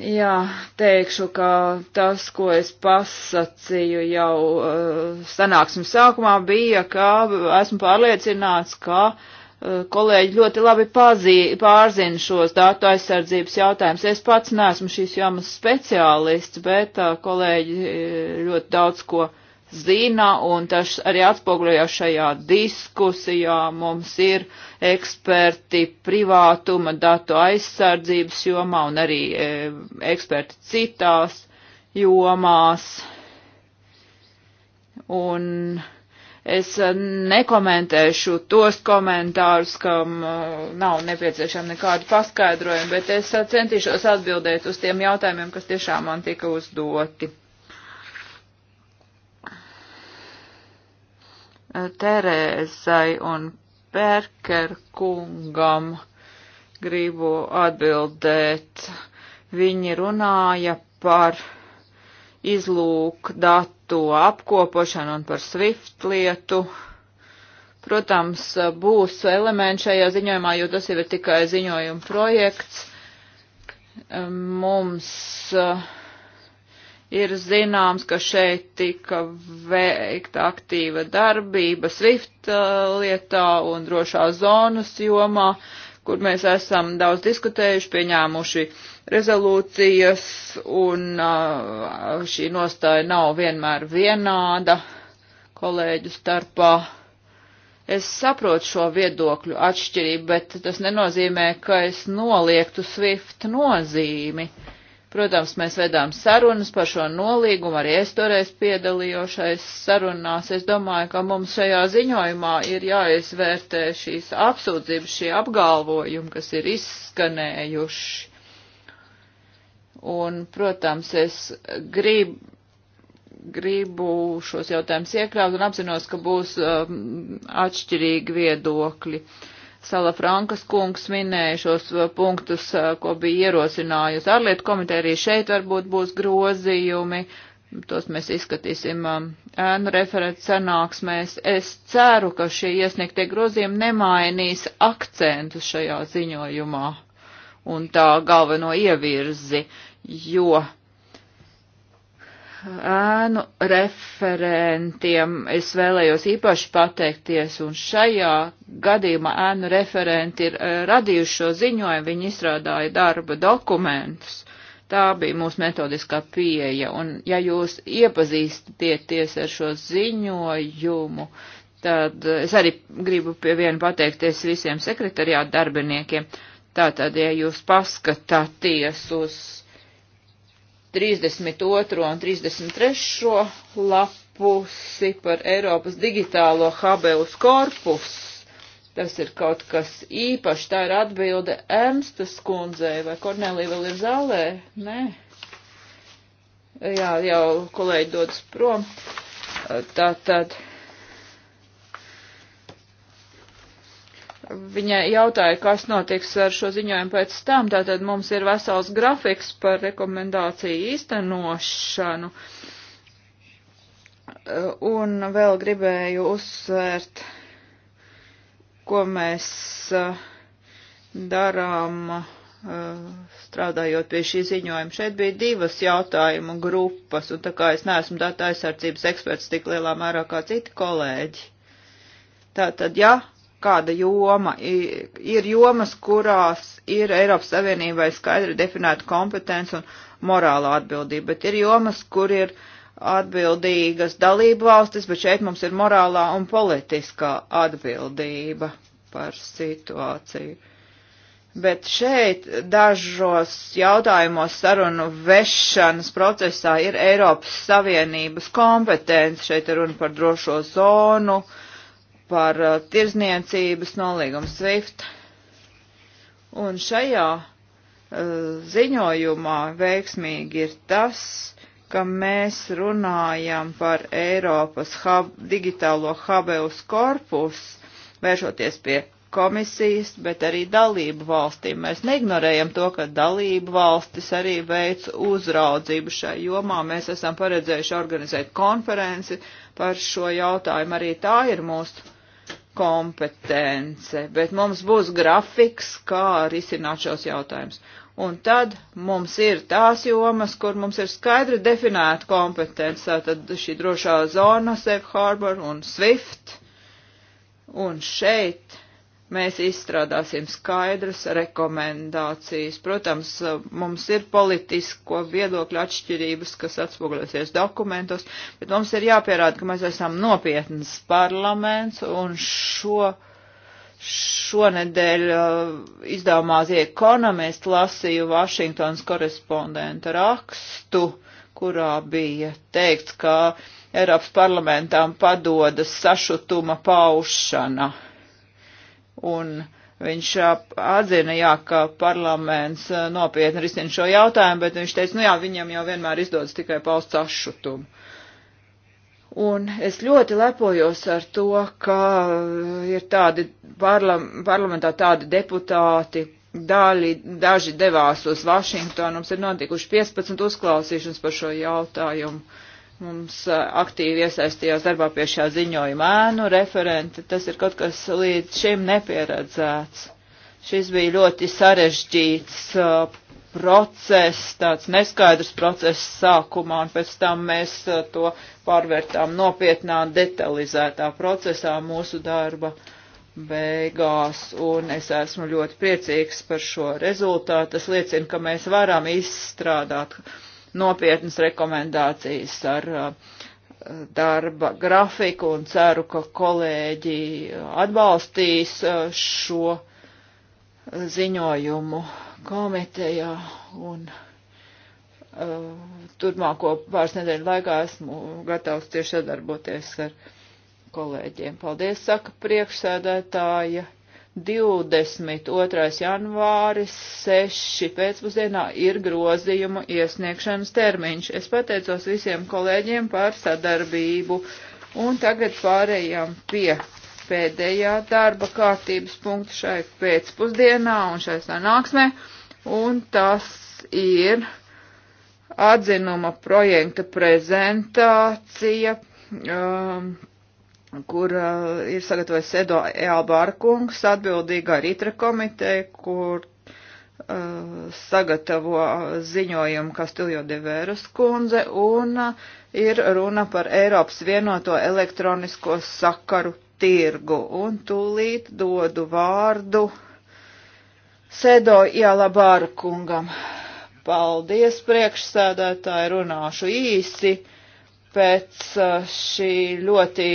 Jā, teikšu, ka tas, ko es pasacīju jau uh, eh, sanāksim sākumā, bija, ka esmu pārliecināts, ka uh, kolēģi ļoti labi pazī, pārzina šos datu aizsardzības jautājumus. Es pats neesmu šīs jomas speciālists, bet uh, kolēģi ļoti daudz ko zina, un tas arī atspoguļojas šajā diskusijā. Mums ir eksperti privātuma, datu aizsardzības jomā un arī e, eksperti citās jomās. Un es nekomentēšu tos komentārus, kam e, nav nepieciešama nekāda paskaidrojuma, bet es centīšos atbildēt uz tiem jautājumiem, kas tiešām man tika uzdoti. Terēzai un Perker kungam gribu atbildēt. Viņi runāja par izlūk datu apkopošanu un par Swift lietu. Protams, būs elementi šajā ziņojumā, jo tas jau ir tikai ziņojuma projekts. Mums uh, Ir zināms, ka šeit tika veikta aktīva darbība SWIFT uh, lietā un drošā zonas jomā, kur mēs esam daudz diskutējuši, pieņēmuši rezolūcijas, un uh, šī nostāja nav vienmēr vienāda kolēģu starpā. Es saprotu šo viedokļu atšķirību, bet tas nenozīmē, ka es noliektu Swift nozīmi. Uh, Protams, mēs vedām sarunas par šo nolīgumu, arī es toreiz piedalījošais sarunās. Es domāju, ka mums šajā ziņojumā ir jāizvērtē šīs apsūdzības, šie apgalvojumi, kas ir izskanējuši. Un, protams, es gribu, gribu šos jautājumus iekļaut un apzinos, ka būs um, atšķirīgi viedokļi. Uh, Salafrankas kungs minēja šos uh, punktus, uh, ko bija ierosinājusi ārlietu komiteja, arī šeit varbūt būs grozījumi, tos mēs izskatīsim um, ēnu referents sanāksmēs. Es ceru, ka šie iesniegtie grozījumi nemainīs akcentus šajā ziņojumā un tā galveno ievirzi, jo ēnu referentiem es vēlējos īpaši pateikties, un šajā gadījumā ēnu referenti ir eh, radījuši šo ziņojumu, viņi izstrādāja darba dokumentus. Tā bija mūsu metodiskā pieeja, un ja jūs iepazīstieties ar šo ziņojumu, tad es arī gribu pie viena pateikties visiem sekretariāta darbiniekiem. Tātad, ja jūs paskatāties uz 32. un 33. lapusi par Eiropas digitālo habeus korpus. Tas ir kaut kas īpašs, tā ir atbilde Ernstas kundzei, vai Kornelija vēl ir zālē? Nē. Jā, jau kolēģi dodas prom. Tātad. Tā. viņa jautāja, kas notiks ar šo ziņojumu pēc tam. Tātad mums ir vesels grafiks par rekomendāciju īstenošanu. Un vēl gribēju uzsvērt, ko mēs eh, darām eh, strādājot pie šī ziņojuma. Šeit bija divas jautājumu grupas, un tā kā es neesmu datu aizsardzības eksperts tik lielā mērā kā citi kolēģi. Tātad, ja kāda joma. Ir jomas, kurās ir Eiropas Savienībai skaidri definēta kompetence un morāla atbildība, bet ir jomas, kur ir atbildīgas dalību valstis, bet šeit mums ir morālā un politiskā atbildība par situāciju. Bet šeit dažos jautājumos sarunu vešanas procesā ir Eiropas Savienības kompetence. Šeit ir runa par drošo zonu, uh, par uh, tirzniecības nolīgumu SWIFT. Un šajā uh, ziņojumā veiksmīgi ir tas, ka mēs runājam par Eiropas hub, digitālo habeus korpus, vēršoties pie komisijas, bet arī dalību valstīm. Mēs neignorējam to, ka dalību valstis arī veic uzraudzību šai jomā. Mēs esam paredzējuši organizēt konferenci par šo jautājumu. Arī tā ir mūsu kompetence, bet mums būs grafiks, kā risināt šos jautājumus. Un tad mums ir tās jomas, kur mums ir skaidri definēta kompetence, tātad šī drošā zona, safe harbor un swift. Un šeit Mēs izstrādāsim skaidras rekomendācijas. Protams, mums ir politisko viedokļu atšķirības, kas atspoguļosies dokumentos, bet mums ir jāpierāda, ka mēs esam nopietns parlaments un šo. Šonedēļ uh, izdevumā The Economist lasīju Vašingtons korespondenta rakstu, kurā bija teikts, ka Eiropas parlamentām padodas sašutuma paušana. Uh, Un viņš atzina, jā, ka parlaments nopietni risina šo jautājumu, bet viņš teica, nu jā, viņam jau vienmēr izdodas tikai paust sašutumu. Un es ļoti lepojos ar to, ka ir tādi parlam, parlamentā tādi deputāti, daļi, daži devās uz Vašingtonu, mums ir notikuši 15 uzklausīšanas par šo jautājumu mums eh, aktīvi iesaistījās darbā pie šā ziņojuma ēnu referente. Tas ir kaut kas līdz šim nepieredzēts. Šis bija ļoti sarežģīts uh, process, tāds neskaidrs process sākumā, un pēc tam mēs uh, to pārvērtām nopietnā, detalizētā procesā mūsu darba beigās, un es esmu ļoti priecīgs par šo rezultātu. Tas liecina, ka mēs varam izstrādāt uh, nopietnas rekomendācijas ar uh, darba grafiku un ceru, ka kolēģi uh, atbalstīs uh, šo ziņojumu komitejā un turpmāko pāris nedēļu laikā esmu gatavs tieši sadarboties ar kolēģiem. Paldies, saka priekšsēdētāja. 22. janvāris 6. pēcpusdienā ir grozījumu iesniegšanas termiņš. Es pateicos visiem kolēģiem par sadarbību. Un tagad pārējām pie pēdējā darba kārtības punkta šai pēcpusdienā un šai sanāksmē. Un tas ir atzinuma projekta prezentācija. Um, kur uh, ir sagatavojis Edo Ealbārkungs, atbildīgā Ritra komiteja, kur uh, sagatavo uh, ziņojumu Kastiljo de Vēras kundze, un uh, ir runa par Eiropas vienoto elektronisko sakaru tirgu. Un tūlīt dodu vārdu Sedo Ialabāra kungam. Paldies, priekšsēdētāji, runāšu īsi. Uh, pēc uh, šī ļoti,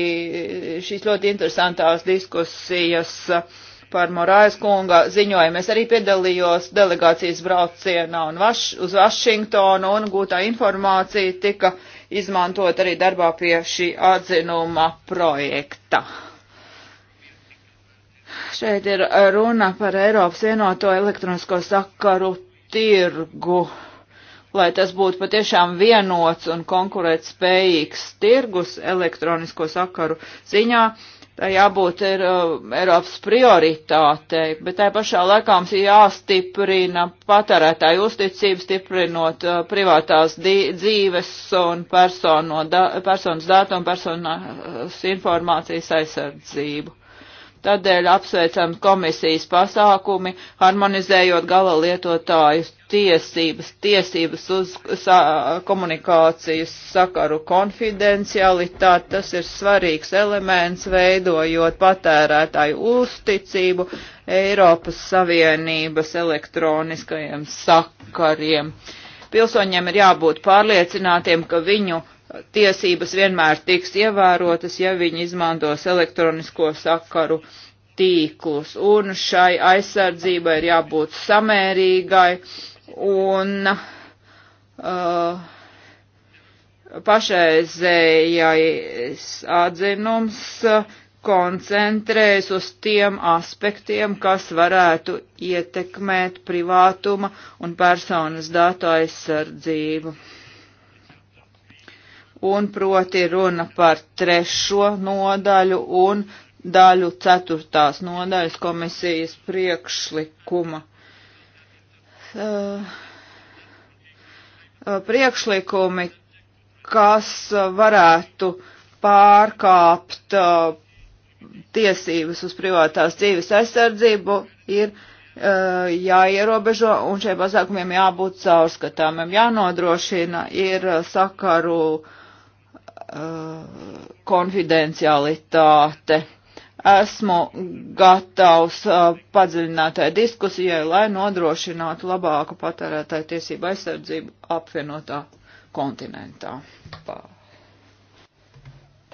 šīs ļoti interesantās diskusijas uh, par Morājas kunga ziņojumu. Es arī piedalījos delegācijas braucienā un vaš, uz Vašingtonu un gūtā informācija tika izmantot arī darbā pie šī atzinuma projekta. Šeit ir runa par Eiropas vienoto elektronisko sakaru tirgu. Uh, lai tas būtu patiešām vienots un konkurētspējīgs tirgus elektronisko sakaru ziņā. Tā jābūt ir, uh, Eiropas prioritātei, bet tā pašā laikā mums ir jāstiprina patērētāju uzticību, stiprinot uh, privātās dzīves un personu, da, personas datu un personas uh, informācijas aizsardzību. Tādēļ apsveicam komisijas pasākumi, harmonizējot gala lietotājus tiesības, tiesības uz sa komunikācijas sakaru konfidencialitāti. Tas ir svarīgs elements, veidojot patērētāju uzticību Eiropas Savienības elektroniskajiem sakariem. Pilsoņiem ir jābūt pārliecinātiem, ka viņu tiesības vienmēr tiks ievērotas, ja viņi izmantos elektronisko sakaru tīklus. Un šai aizsardzībai ir jābūt samērīgai un uh, pašreizējais atzinums uh, koncentrējas uz tiem aspektiem, kas varētu ietekmēt privātuma un personas datu aizsardzību un proti runa par trešo nodaļu un daļu ceturtās nodaļas komisijas priekšlikuma. Eh, eh, priekšlikumi, kas varētu pārkāpt eh, tiesības uz privātās dzīves aizsardzību, ir jāierobežo un šiem pasākumiem jābūt caurskatāmiem. Jānodrošina ir sakaru uh, uh, konfidencialitāte. Esmu gatavs uh, padziļinātai diskusijai, lai nodrošinātu labāku patērētāju tiesību aizsardzību apvienotā kontinentā. Pā.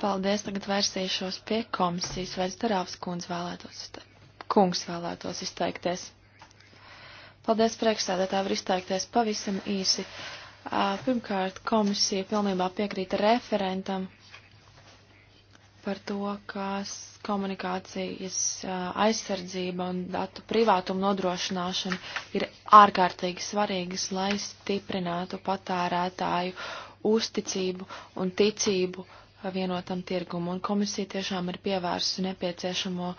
Paldies, tagad vērsīšos pie komisijas, vai Zdarāvs kundz vēlētos, kungs vēlētos izteikties. Paldies, priekšsēdētāji, var izteikties pavisam īsi. Uh, Pirmkārt, komisija pilnībā piekrīta referentam par to, ka komunikācijas aizsardzība un datu privātuma nodrošināšana ir ārkārtīgi svarīgas, lai stiprinātu patērētāju uzticību un ticību vienotam tirgumu. Un komisija tiešām ir pievērsusi nepieciešamo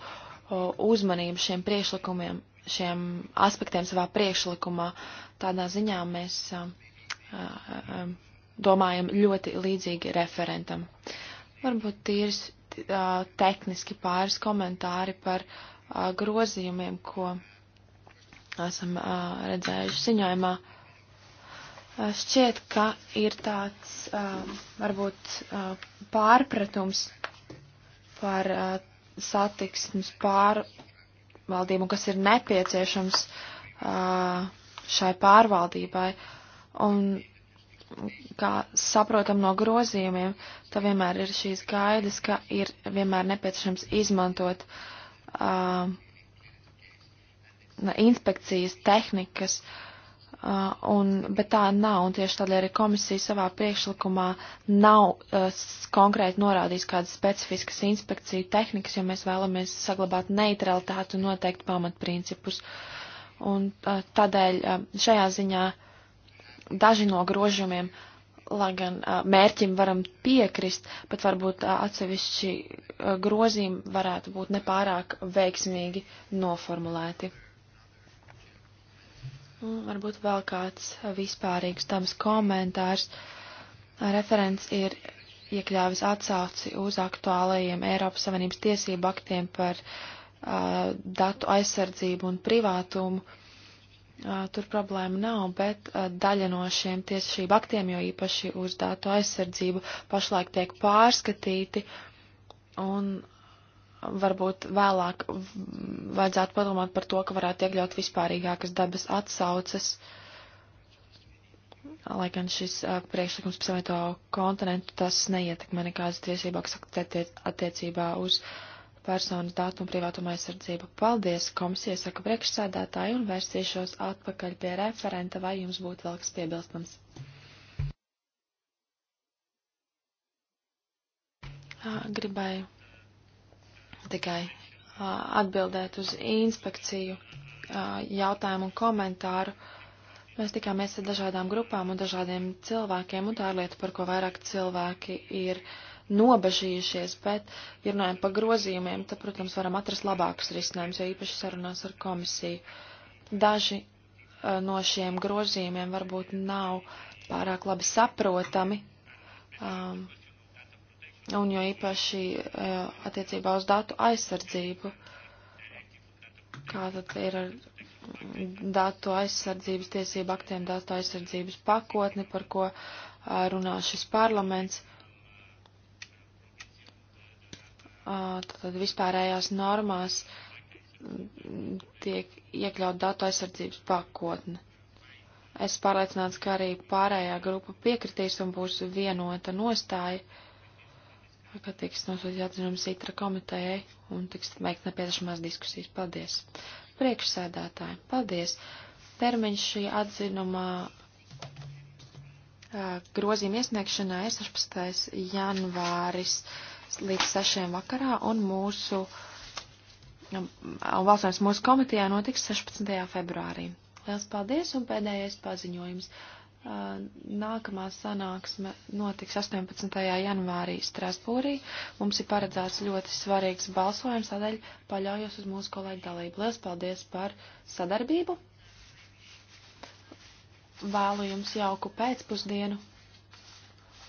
uzmanību šiem priekšlikumiem, šiem aspektiem savā priekšlikumā. Tādā ziņā mēs uh, domājam ļoti līdzīgi referentam. Varbūt tīrs tehniski pāris komentāri par grozījumiem, ko esam redzējuši ziņojumā. Šķiet, ka ir tāds varbūt pārpratums par satiksmes pārvaldību, kas ir nepieciešams šai pārvaldībai. Uh, Un, kā saprotam no grozījumiem, tā vienmēr ir šīs gaidas, ka ir vienmēr nepieciešams izmantot uh, inspekcijas tehnikas, uh, un, bet tā nav, un tieši tādēļ arī komisija savā priekšlikumā nav uh, konkrēti norādījis kādas specifiskas inspekciju tehnikas, jo mēs vēlamies saglabāt neutralitāti un noteikt pamatprincipus. Un uh, tādēļ uh, šajā ziņā uh, daži no grožumiem, lai gan mērķim varam piekrist, bet varbūt atsevišķi grozījumi varētu būt nepārāk veiksmīgi noformulēti. Nu, varbūt vēl kāds vispārīgs tams komentārs. Referents ir iekļāvis atsauci uz aktuālajiem Eiropas Savienības tiesību aktiem par uh, datu aizsardzību un privātumu. Uh, tur problēma nav, bet daļa no šiem tiesību aktiem, jo īpaši uz datu aizsardzību, pašlaik tiek pārskatīti, un varbūt vēlāk vajadzētu padomāt par to, ka varētu iekļaut vispārīgākas dabas atsauces, lai gan šis priekšlikums par savienoto kontinentu tas neietekmē nekādas tiesībākas aktiecībā uz. Uh, personu datu un privātuma aizsardzību. Paldies, komisija saka priekšsēdētāji un vērsīšos atpakaļ pie referenta, vai jums būtu vēl kas piebilstams. Gribēju tikai atbildēt uz inspekciju jautājumu un komentāru. Mēs tikāmies ar dažādām grupām un dažādiem cilvēkiem, un tā ir lieta, par ko vairāk cilvēki ir uh, nobažījušies, bet, ja runājam par grozījumiem, tad, protams, varam atrast labākus risinājumus, jo īpaši sarunās ar komisiju. Daži uh, no šiem grozījumiem varbūt nav pārāk labi saprotami, um, un jo īpaši uh, attiecībā uz datu aizsardzību, kā tad ir ar datu aizsardzības tiesību aktiem, datu aizsardzības pakotni, par ko uh, runā šis parlaments. Uh, tātad vispārējās normās tiek iekļaut datu aizsardzības pakotne. Es pārliecināts, ka arī pārējā grupa piekritīs un būs vienota nostāja, ka tiks nosūtīts atzinums itra komitejai un tiks veikt nepieciešamās diskusijas. Paldies! Priekšsēdētāji, paldies! Termiņš šī atzinumā grozījuma iesniegšanai 16. janvāris līdz 6 vakarā, un mūsu um, balsojums mūsu komitejā notiks 16. februārī. Liels paldies, un pēdējais paziņojums. Uh, nākamā sanāksme notiks 18. janvārī Strasbūrī. Mums ir paredzēts ļoti svarīgs balsojums, tādēļ paļaujos uz mūsu kolēģu dalību. Liels paldies par sadarbību! Vēlu jums jauku pēcpusdienu!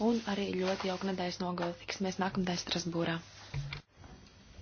un arī ļoti jauka nedēļas nogalē tiksimies nākamdēļ Strasbūrā.